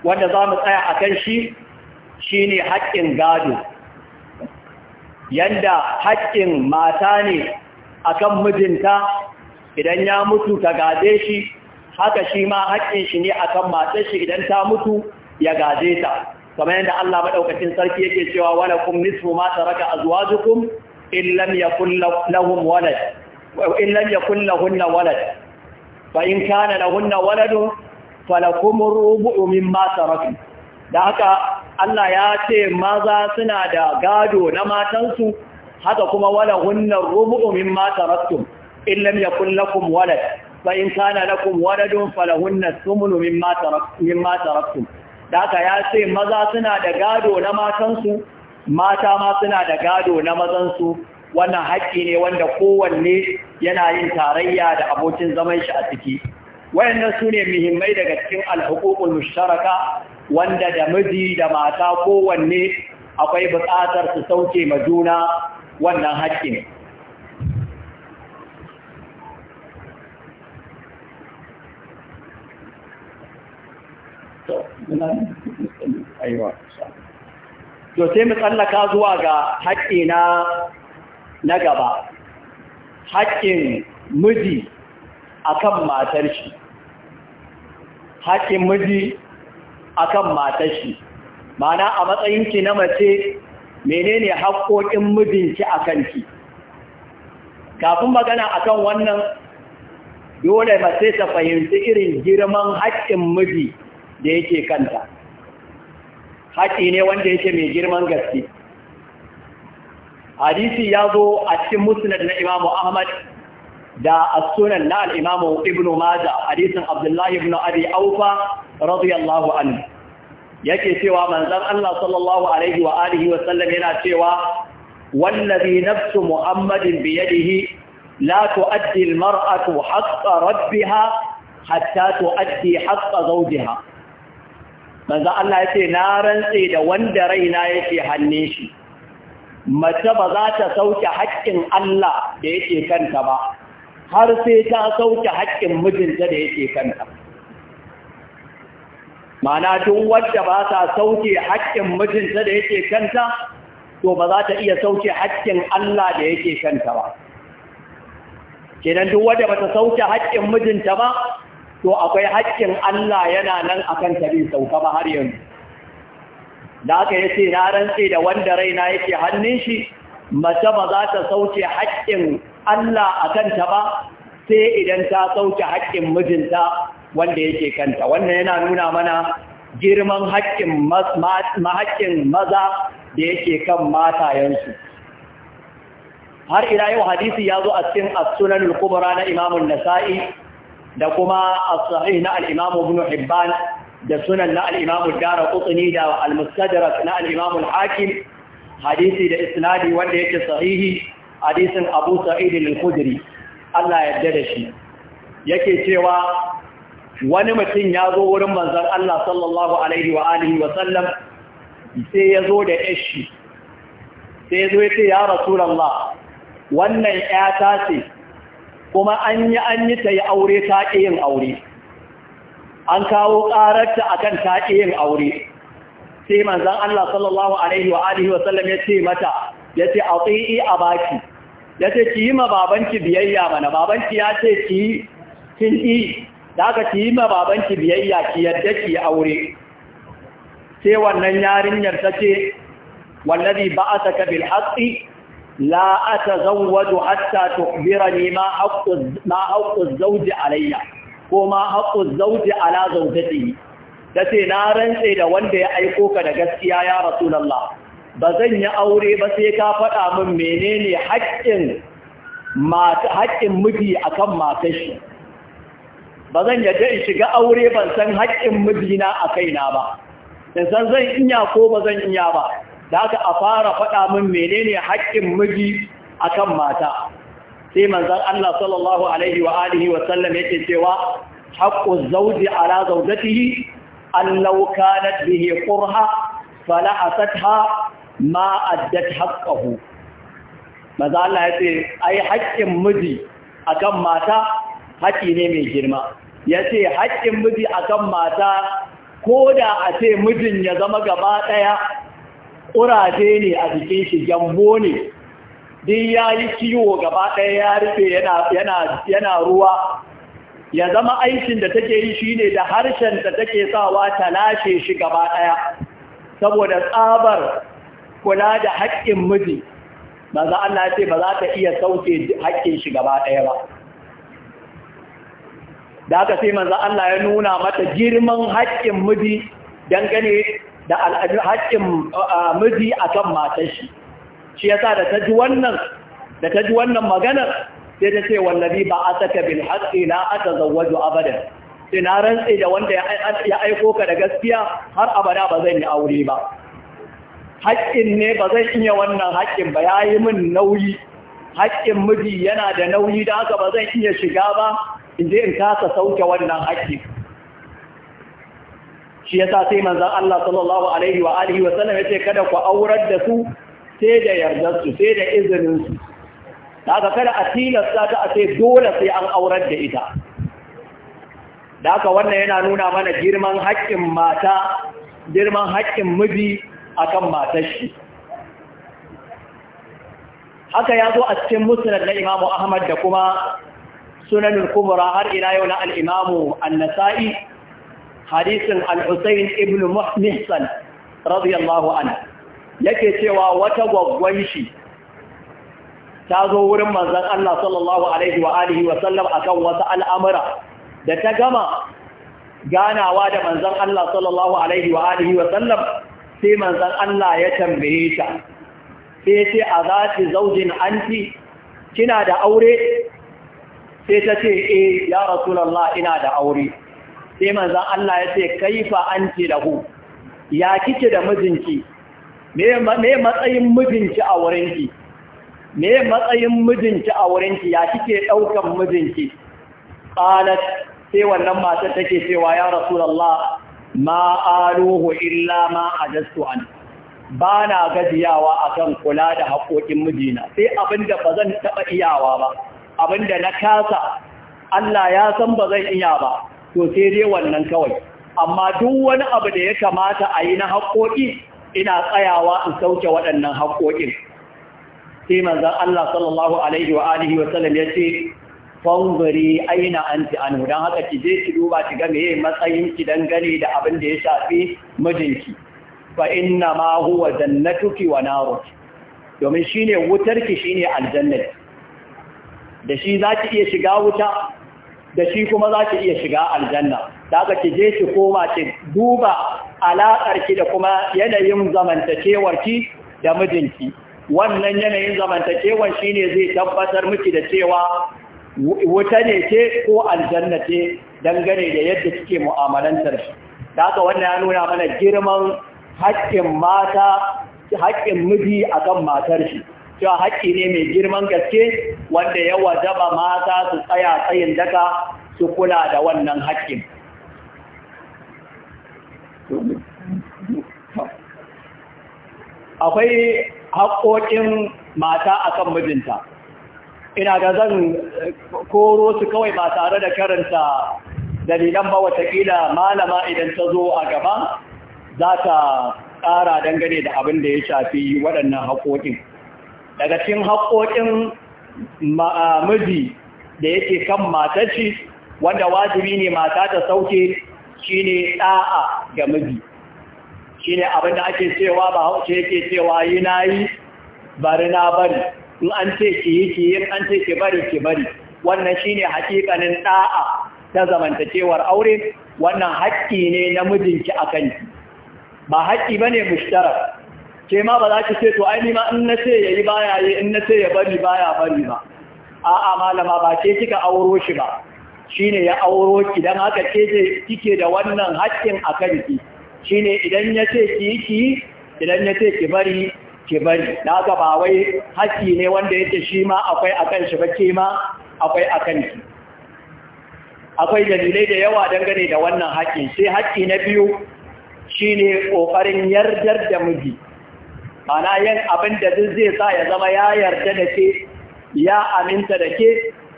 Speaker 1: wanda za mu tsaya a kan shi shi ne haƙƙin gado yanda haƙƙin mata ne akan mijinta idan ya mutu ta gade shi haka shi ma haƙƙin shi ne akan matsar shi idan ta mutu ya gaje ta kamar yadda Allah madaukakin sarki yake cewa wala kum nisfu ma taraka azwajukum in lam yakul lahum walad in lam yakul lahunna walad fa in kana lahunna waladun falakum rubu'u mimma tarakum da haka Allah ya ce maza suna da gado na matansu haka kuma wala hunna rubu'u mimma taraktum in lam yakul lakum walad فإن كان لكم ولد فلهن الثمن مما تركتم مما تركتم daka ya ce maza suna da gado na matansu mata ma suna da gado na mazansu wannan haƙƙi ne wanda kowanne yana yin tarayya da abokin zaman shi a ciki wayannan sune muhimmai daga cikin al-huququl mushtaraka wanda da miji da mata kowanne akwai buƙatar su sauke ma juna wannan ne. to sai mu tsallaka zuwa ga haƙƙi na na gaba haƙƙin miji akan matar shi haƙƙin miji akan matar shi mana a matsayin ki na mace menene haƙƙoƙin mijinki a ki? kafin magana akan wannan dole mace ta fahimci irin girman haƙƙin miji da yake kanta haƙi ne wanda yake mai girman gaske hadisi ya zo a cikin musnad na imamu ahmad da as-sunan na al-imamu ibnu maja hadisin abdullahi ibn abi aufa radiyallahu anhu yake cewa manzon Allah sallallahu alaihi wa alihi wa sallam yana cewa wallazi nafsu muhammadin bi yadihi la tu'addi al-mar'atu haqqa rabbiha hatta tu'addi haqqa zawjiha manzo Allah ya ce na rantse da wanda raina yake hanne shi mace ba za ta sauke haƙƙin Allah da yake kanta ba har sai ta sauke haƙƙin mijinta da yake kanta mana duk wanda ba ta sauke haƙƙin mijinta da yake kanta to ba za ta iya sauke haƙƙin Allah da yake kanta ba kenan duk wanda ba ta sauke haƙƙin mijinta ba to akwai haƙƙin Allah yana nan akan ta bai sauka ba har yanzu da aka yace na rantse da wanda raina yake hannun shi mace ba za ta sauke haƙƙin Allah akan ta ba sai idan ta sauke haƙƙin mijinta wanda yake kanta wannan yana nuna mana girman haƙƙin mahaƙƙin maza da yake kan mata yansu har ila yau hadisi ya zo a cikin as-sunan al-kubra na imamun an-Nasa'i da kuma as-sahih na al-imam ibn hibban da sunan na al-imam ad-darqutni da al-mustadrak na al-imam al-hakim hadisi da isnadi wanda yake sahihi hadisin abu sa'id al-khudri Allah ya yarda da shi yake cewa wani mutum ya zo wurin manzan Allah sallallahu Alaihi wa alihi sai ya zo da yashi sai ya zo ya ce ya rasulallah wannan ƴata ce kuma an yi an yi ta yi aure ta yin aure an kawo ƙararta a kan ta yin aure sai manzan Allah sallallahu Alaihi wa Alihi wasallam ya ce mata ya ce a tsi'i a baki ya ce ki yi ma babanki biyayya mana babanki ya ce ki kin yi da aka ki yi ma babanki biyayya ki yadda ki yi aure sai wannan yarinyar ta ce ba a bil hatsi. لا أتزوج حتى تخبرني ما حق ما حق الزوج علي وما حق الزوج على Ta ce na rantse da wanda ya aiko ka da gaskiya ya rasulullah zan yi aure ba sai ka faɗa min menene haƙƙin mata haƙƙin miji akan matar shi bazan yadda in shiga aure ban san haƙƙin mijina a kaina ba in san zan iya ko ba zan iya ba da aka a fara faɗa min menene haƙƙin miji akan mata sai manzon Allah sallallahu alaihi wa alihi wa sallam yake cewa haqqu zawji ala zawjatihi an na kanat bihi qurha fala asatha ma addat haqqahu manzon Allah yace ai haƙƙin miji akan mata haƙƙi ne mai girma yace haƙƙin miji akan mata ko da a ce mijin ya zama gaba ɗaya ƙuraje ne a jikin shi gyambo ne din ya yi ciwo gaba ɗaya ya rufe yana ruwa ya zama aikin da take yi shi ne da harshen da take sawa ta lashe shi gaba ɗaya saboda tsabar kula da haƙƙin miji ba za a ce ba za ta iya sauke haƙƙin shi gaba ɗaya ba da aka sai manzo Allah ya nuna mata girman haƙƙin miji dangane da haƙƙin miji a kan matar shi shi ya da ta ji wannan da ta ji wannan maganar sai ta ce bi ba a saka bin haƙƙi na aka zawwaju abadan sai na rantse da wanda ya aiko ka da gaskiya har abada ba zan yi aure ba haƙƙin ne ba zan iya wannan haƙƙin ba ya yi min nauyi haƙƙin miji yana da nauyi da haka ba zan iya shiga ba in je in kasa sauke wannan haƙƙin shi yasa sai manzon Allah sallallahu alaihi wa alihi wa sallam yace kada ku aurar da su sai da yardar su sai da izininsu, su daga kada a tilasta ta a sai dole sai an aurar da ita Da daga wannan yana nuna mana girman haƙƙin mata girman haƙƙin miji akan matar shi haka ya zo a cikin musnad na Imam Ahmad da kuma sunanul kubra har ila yau na al-Imam hadisin al-Husayn ibn Mihsan radiyallahu anhu yake cewa wata gwaggwan shi ta zo wurin manzon Allah sallallahu alaihi wa alihi wa sallam akan wasu al'amura da ta gama ganawa da manzon Allah sallallahu alaihi wa alihi wa sallam sai manzon Allah ya tambaye ta sai ce a za zati zaujin anti kina da aure sai ta ce eh ya rasulullah ina da aure sai manzan Allah ya ce kaifa anti lahu ya kike da mijinki me matsayin mijinki a wurinki me matsayin mijinki a wurinki ya kike daukan mijinki qalat sai wannan matar take cewa ya rasulullah ma aluhu illa ma ajastu an ba na gajiyawa akan kula da haƙoƙin mijina sai abinda ba zan taɓa iyawa ba abinda na kasa Allah ya san ba zan iya ba to sai dai wannan kawai amma duk wani abu da ya kamata a yi na haƙoƙi ina tsayawa in sauke waɗannan haƙoƙin sai manzon Allah sallallahu alaihi wa alihi wa sallam yace fangari aina anti an dan haka ki je ki duba ki ga meye matsayin ki dangane da abin da ya shafi mijinki fa inna ma huwa jannatuki wa naruki domin shine wutarki shine aljannati da shi zaki iya shiga wuta da shi kuma za ki iya shiga aljanna da aka ki je ki koma ki duba alaƙarki da kuma yanayin zamantakewar ki da mijinki wannan yanayin zamantakewar shi ne zai tabbatar miki da cewa wuta ne ce ko aljanna ce dangane da yadda kike mu'amalantar shi da aka wannan ya nuna mana girman haƙƙin mata haƙƙin miji akan matar shi cewa haƙƙi ne mai girman gaske wanda ya wajaba mata su tsaya tsayin daka su kula da wannan haƙƙin. Akwai haƙoƙin mata akan mijinta, ina da zan koro su kawai ba tare da karanta dalilan ba watakila malama idan ta zo a gaba za ta ƙara dangane da abin da ya shafi waɗannan haƙoƙin. daga cikin haƙoƙin miji da yake kan mataci wanda wajibi ne mata ta sauke shi ne ɗa'a ga miji shi abin da ake cewa ba hauce yake cewa yi na yi, bari na bari in an ce ki yi ki yi an ce ki bari ki bari wannan shi ne haƙiƙanin ɗa'a ta zamantakewar aure wannan haƙƙi ne na mijinki a kanki. ba haƙƙi ne, mushtara ke ma ba za ki ce to ai ma in na ce yayi baya yi in na ce ya bari baya bari ba a'a malama ba ke kika auro shi ba shine ya auro ki dan haka ke kike da wannan haƙƙin a kanki shine idan ya ce ki ki idan ya ce ki bari ki bari na haka ba wai haƙƙi ne wanda yake shi ma akwai akan shi ba ke ma akwai akan ki akwai dalilai da yawa dangane da wannan haƙƙi sai haƙƙi na biyu shine ƙoƙarin yardar da miji ana yin abin da duk zai sa ya zama ya yarda da ke ya aminta da ke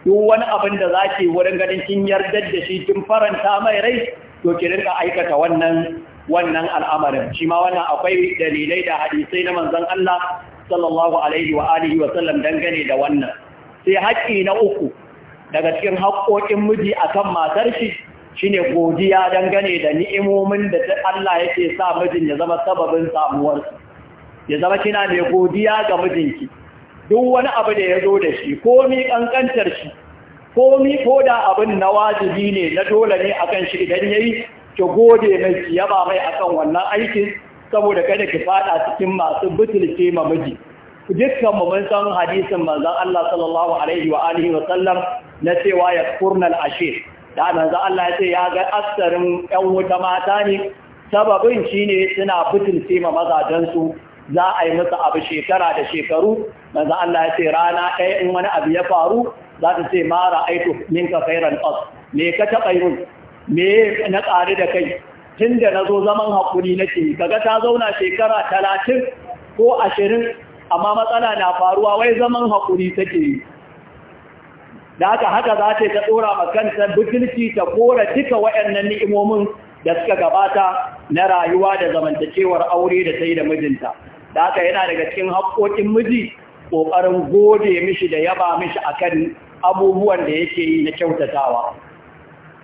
Speaker 1: duk wani abin da za ke wurin ganin kin yarda da shi kin faranta mai rai to ki rinka aikata wannan wannan al'amarin shi ma wannan akwai dalilai da hadisai na manzon Allah sallallahu alaihi wa alihi wa sallam dangane da wannan sai haƙƙi na uku daga cikin haƙƙoƙin miji akan matar shi shine godiya dangane da ni'imomin da Allah yake sa mijin ya zama sababin samuwarsa ya zama kina mai godiya ga mijinki duk wani abu da ya zo da shi ko mi kankantar shi ko mi ko abin na wajibi ne na dole ne akan shi idan yayi ki gode mai ki yaba mai akan wannan aikin saboda kada ki fada cikin masu butulce ma miji dukkan mu mun san hadisin manzon Allah sallallahu alaihi wa alihi wa sallam na cewa ya kurnal ashir da manzon Allah ya ce ya ga aksarin yan wuta mata ne sababin shine suna butulce ma mazajen su za a yi masa abu shekara da shekaru manzo Allah ya ce rana ɗaya in wani abu ya faru za ta ce ma ra'aitu minka khairan qas me ka taɓa yin me na ƙari da kai tun da na zo zaman haƙuri nake kaga ta zauna shekara talatin ko ashirin amma matsala na faruwa wai zaman haƙuri take yi da haka haka za ta ta ɗora kanta butulci ta kora duka waɗannan ni'imomin da suka gabata na rayuwa da zamantakewar aure da ta yi da mijinta da haka yana daga cikin haƙoƙin miji ƙoƙarin gode mishi da yaba mishi a kan abubuwan da yake yi na kyautatawa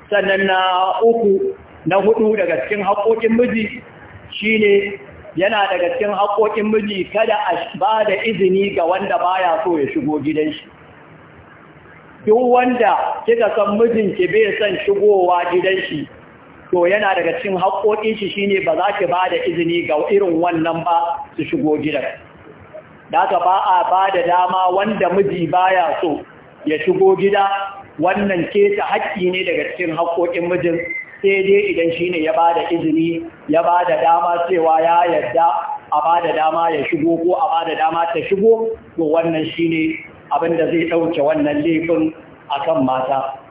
Speaker 1: sannan na uku na hudu daga cikin haƙoƙin miji shi ne yana daga cikin haƙoƙin miji kada a ba da izini ga wanda baya so ya shigo gidanshi. duk wanda kika san mijinki bai son shigowa gidanshi. to yana daga cikin haƙoƙin shi shine ba za ki ba da izini ga irin wannan ba su shigo gidan da ka ba a ba da dama wanda miji baya so ya shigo gida wannan ke ta haƙƙi ne daga cikin haƙoƙin mijin sai dai idan shine ya bada izini ya bada dama cewa ya yarda a bada dama ya shigo ko a bada dama ta shigo to wannan shine ne abinda zai ɗauke wannan laifin a kan mata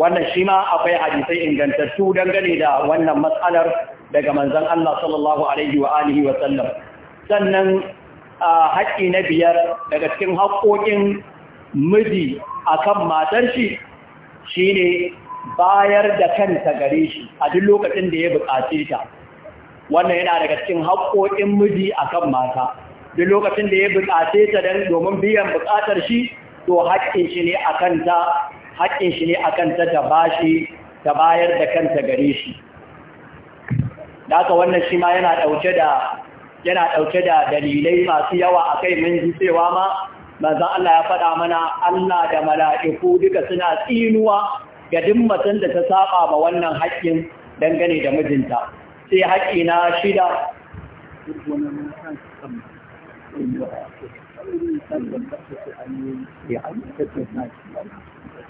Speaker 1: wannan shi ma akwai hadisai ingantattu dangane da wannan matsalar daga manzon Allah sallallahu alaihi wa alihi wa sallam sannan haƙƙi na biyar daga cikin haƙƙoƙin miji kan matar shi shine bayar da kanta gare shi a duk lokacin da ya buƙace ta wannan yana daga cikin haƙƙoƙin miji akan mata duk lokacin da ya buƙace ta don domin biyan buƙatar shi to haƙƙin shi ne a kanta haƙƙin shi ne a kanta ta bashi ta bayar da kanta gare shi da wannan shi ma yana ɗauke da yana ɗauke da dalilai masu yawa a kai mun ji cewa ma manzan Allah ya faɗa mana Allah da mala'iku duka suna tsinuwa ga dimmatan da ta saba ma wannan haƙƙin dangane da mijinta sai haƙƙi na shida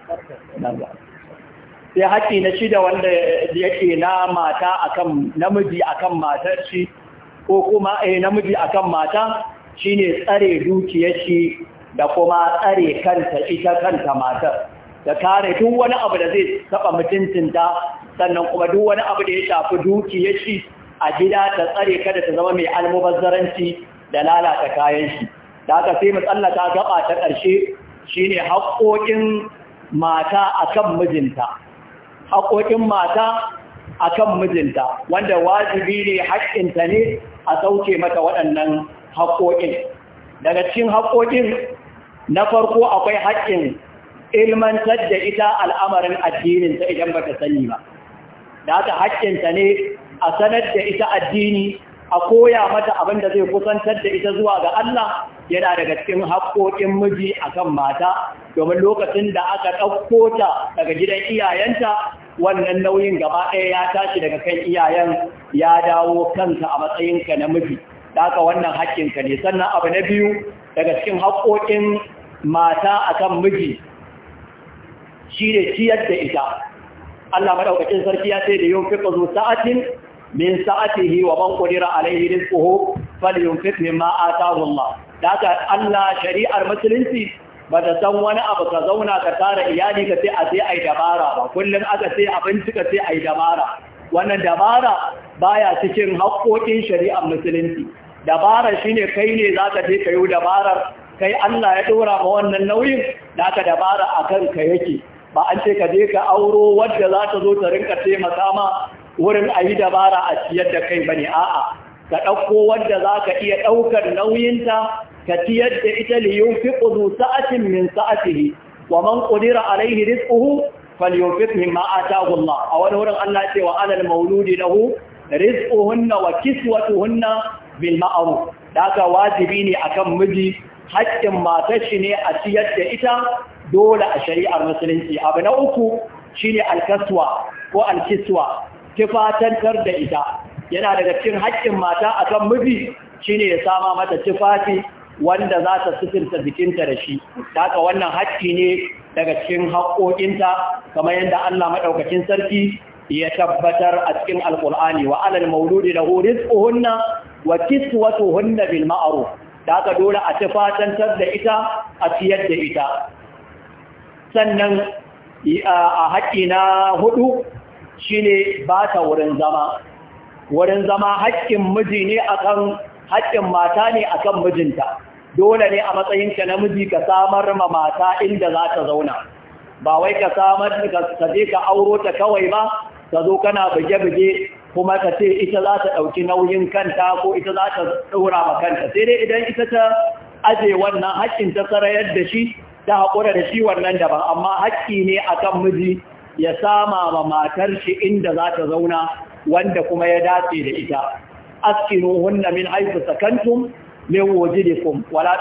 Speaker 1: sai haƙƙi na shida wanda yake na mata akan namiji akan matar shi ko kuma eh namiji akan mata shine tsare dukiyar shi da kuma tsare kanta ita kanta matar da kare duk wani abu da zai saba mutuncinta sannan kuma duk wani abu da ya shafi dukiyar shi a gida ta tsare kada ta zama mai almubazzaranci da lalata kayan shi da aka sai mu tsallaka gaba ta ƙarshe shine haƙƙoƙin mata akan mijinta haƙoƙin mata akan mijinta wanda wajibi ne haƙƙinta ne a sauke mata waɗannan haƙoƙin daga cikin haƙoƙin na farko akwai haƙƙin ilmantar da ita al'amarin addininta idan ba ta sani ba da haka haƙƙinta ne a sanar da ita addini a koya mata abin da zai kusantar da ita zuwa ga Allah yana daga cikin haƙoƙin miji akan mata domin lokacin da aka ɗauko ta daga gidan iyayenta wannan nauyin gaba ɗaya ya tashi daga kan iyayen ya dawo kanta a matsayinka na miji haka wannan haƙƙinka ne sannan abu na biyu daga cikin haƙoƙin mata akan miji shi ne ciyar da ita Allah maɗaukacin sarki ya sai da yau fiƙa zo sa'atin min sa'atihi wa man qadira alaihi rizquhu falyunfiq mimma ataahu Allah daga Allah shari'ar musulunci ba ta san wani abu ka zauna ka tara iyali ka ce a sai ai dabara ba kullum aka ce abinci ka ce ai dabara wannan dabara baya cikin haƙƙoƙin shari'ar musulunci dabara shine kai ne zaka je kayo dabarar kai Allah ya dora ma wannan nauyin naka dabara akan ka yake ba an ce ka je ka auro wadda za ta zo ta rinka taimaka ma wurin a yi dabara a ciyar da kai bane a'a ka ɗauko wanda za ka iya ɗaukar nauyinta ka ciyar da ita liyun fi ƙudu sa'atin min sa'atihi wa man ƙudira alaihi rizquhu falyunfiq mimma ataahu Allah a wani wurin Allah ce wa alal mauludi lahu rizquhunna wa kiswatuhunna bil ma'ruf daga wajibi ne akan miji haƙƙin matar shi ne a ciyar da ita dole a shari'ar musulunci abu na uku shine alkaswa ko alkiswa tufatantar da ita yana daga cikin haƙƙin mata a akan miji shine ya sama mata tufafi wanda za ta suturta jikinta da shi haka wannan haƙƙi ne daga cikin haƙƙoƙinta kamar yadda Allah madaukakin sarki ya tabbatar a cikin alƙur'ani wa alal mauludi lahu rizquhunna wa hunna bil ma'ruf da haka dole a tufatantar da ita a ciyar da ita sannan a haƙƙi na hudu shine ba ta wurin zama wurin zama haƙƙin miji ne kan haƙƙin mata ne akan mijinta dole ne a matsayinka namiji ka samar ma mata inda za ta zauna ba wai ka samar ka je ka auro ta kawai ba ka zo kana buge-buge kuma ka ce ita za ta ɗauki nauyin kanta ko ita za ta ɗora ma kanta sai dai idan ita ta aje wannan haƙƙin ta sarayar da shi ta haƙura da shi wannan daban amma haƙƙi ne akan miji ya sama wa matar shi inda za ta zauna wanda kuma ya dace da ita hunna min haythu sakantum min wujudikum wala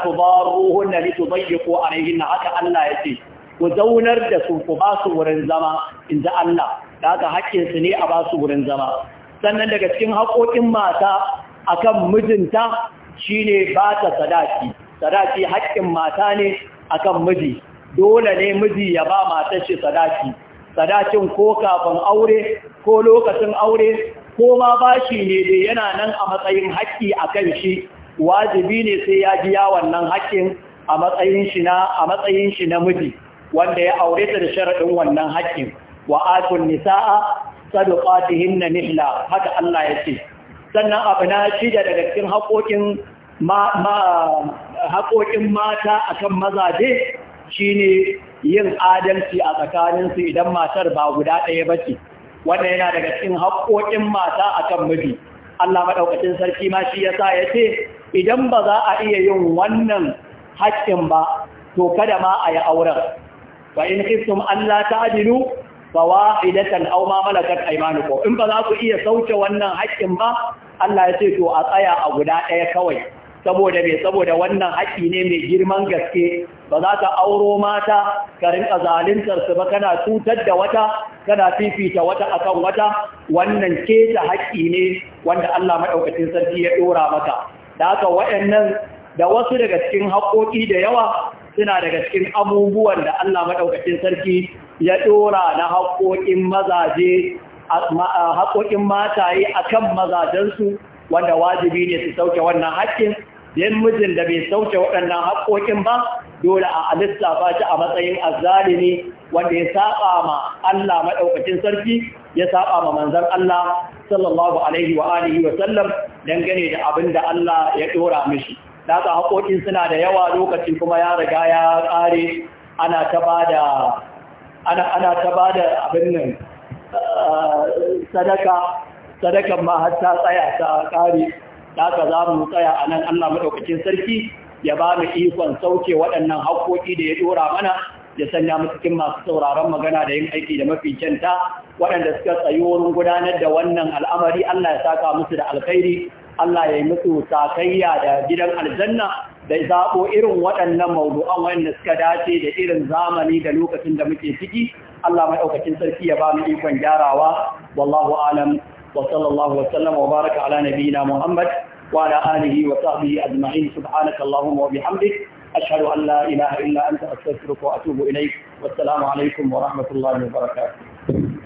Speaker 1: li tudayyiqu alayhinna haka Allah yace ku zaunar da su ku ba su wurin zama in ji Allah da haka hakkin su ne a ba su wurin zama sannan daga cikin haƙoƙin mata akan mijinta shine ba ta sadaki sadaki haƙƙin mata ne akan miji dole ne miji ya ba mata shi sadaki sadakin ko kafin aure ko lokacin aure ko ma bashi ne dai yana nan a matsayin haƙƙi a kan shi wajibi ne sai ya biya wannan haƙƙin a matsayin shi na a matsayin shi na miji wanda ya aure ta da sharadin wannan haƙƙin wa atun nisaa sadaqatihinna nihla haka Allah ya ce sannan abu na da daga cikin haƙoƙin ma, ma haƙoƙin mata akan mazaje shine yin adalci a tsakaninsu idan matar ba guda ɗaya ba ce wanda yana daga cikin haƙoƙin mata a kan mafi. Allah maɗaukacin sarki ma shi ya sa ya ce idan ba za a iya yin wannan haƙƙin ba to kada ma a yi auren wa in khiftum Allah wa idatan au ma aimanu ko, in ba za ku iya sauke wannan haƙƙin ba Allah ya ce to a tsaya a guda ɗaya kawai saboda me saboda wannan haƙi ne mai girman gaske ba za ka auro mata ka rinka zaluntar su ba kana cutar da wata kana fifita wata akan wata wannan keta haƙi ne wanda Allah madaukakin sarki ya ɗora maka da haka waɗannan da wasu daga cikin haƙoƙi da yawa suna daga cikin abubuwan da Allah maɗaukacin sarki ya ɗora na haƙoƙin mazaje mataye a kan mazajensu wanda wajibi ne su sauke wannan haƙƙin Den mijin da bai sauke waɗannan haƙoƙin ba dole a lissafa shi a matsayin azzalimi wanda ya saba ma Allah maɗaukacin sarki ya saba ma manzon Allah sallallahu alaihi wa alihi wa sallam dangane da abin da Allah ya ɗora mishi daga haƙoƙin suna da yawa lokaci kuma ya riga ya ƙare ana ta ba da abin nan eh, sadaka sadakan ma har ta tsaya ta ƙare haka za mu tsaya a nan Allah maɗaukacin sarki ya ba mu ikon sauke waɗannan haƙoƙi da ya ɗora mana ya sanya mu cikin masu sauraron magana da yin aiki da mafi kyanta waɗanda suka tsayi wurin gudanar da wannan al'amari Allah ya saka musu da alkhairi Allah ya yi musu sakayya da gidan aljanna da zaɓo irin waɗannan maudu'an wanda suka dace da irin zamani da lokacin da muke ciki Allah maɗaukacin sarki ya ba mu ikon gyarawa wallahu alam وصلى الله وسلم وبارك على نبينا محمد وعلى آله وصحبه أجمعين سبحانك اللهم وبحمدك أشهد أن لا إله إلا أنت أستغفرك وأتوب إليك والسلام عليكم ورحمة الله وبركاته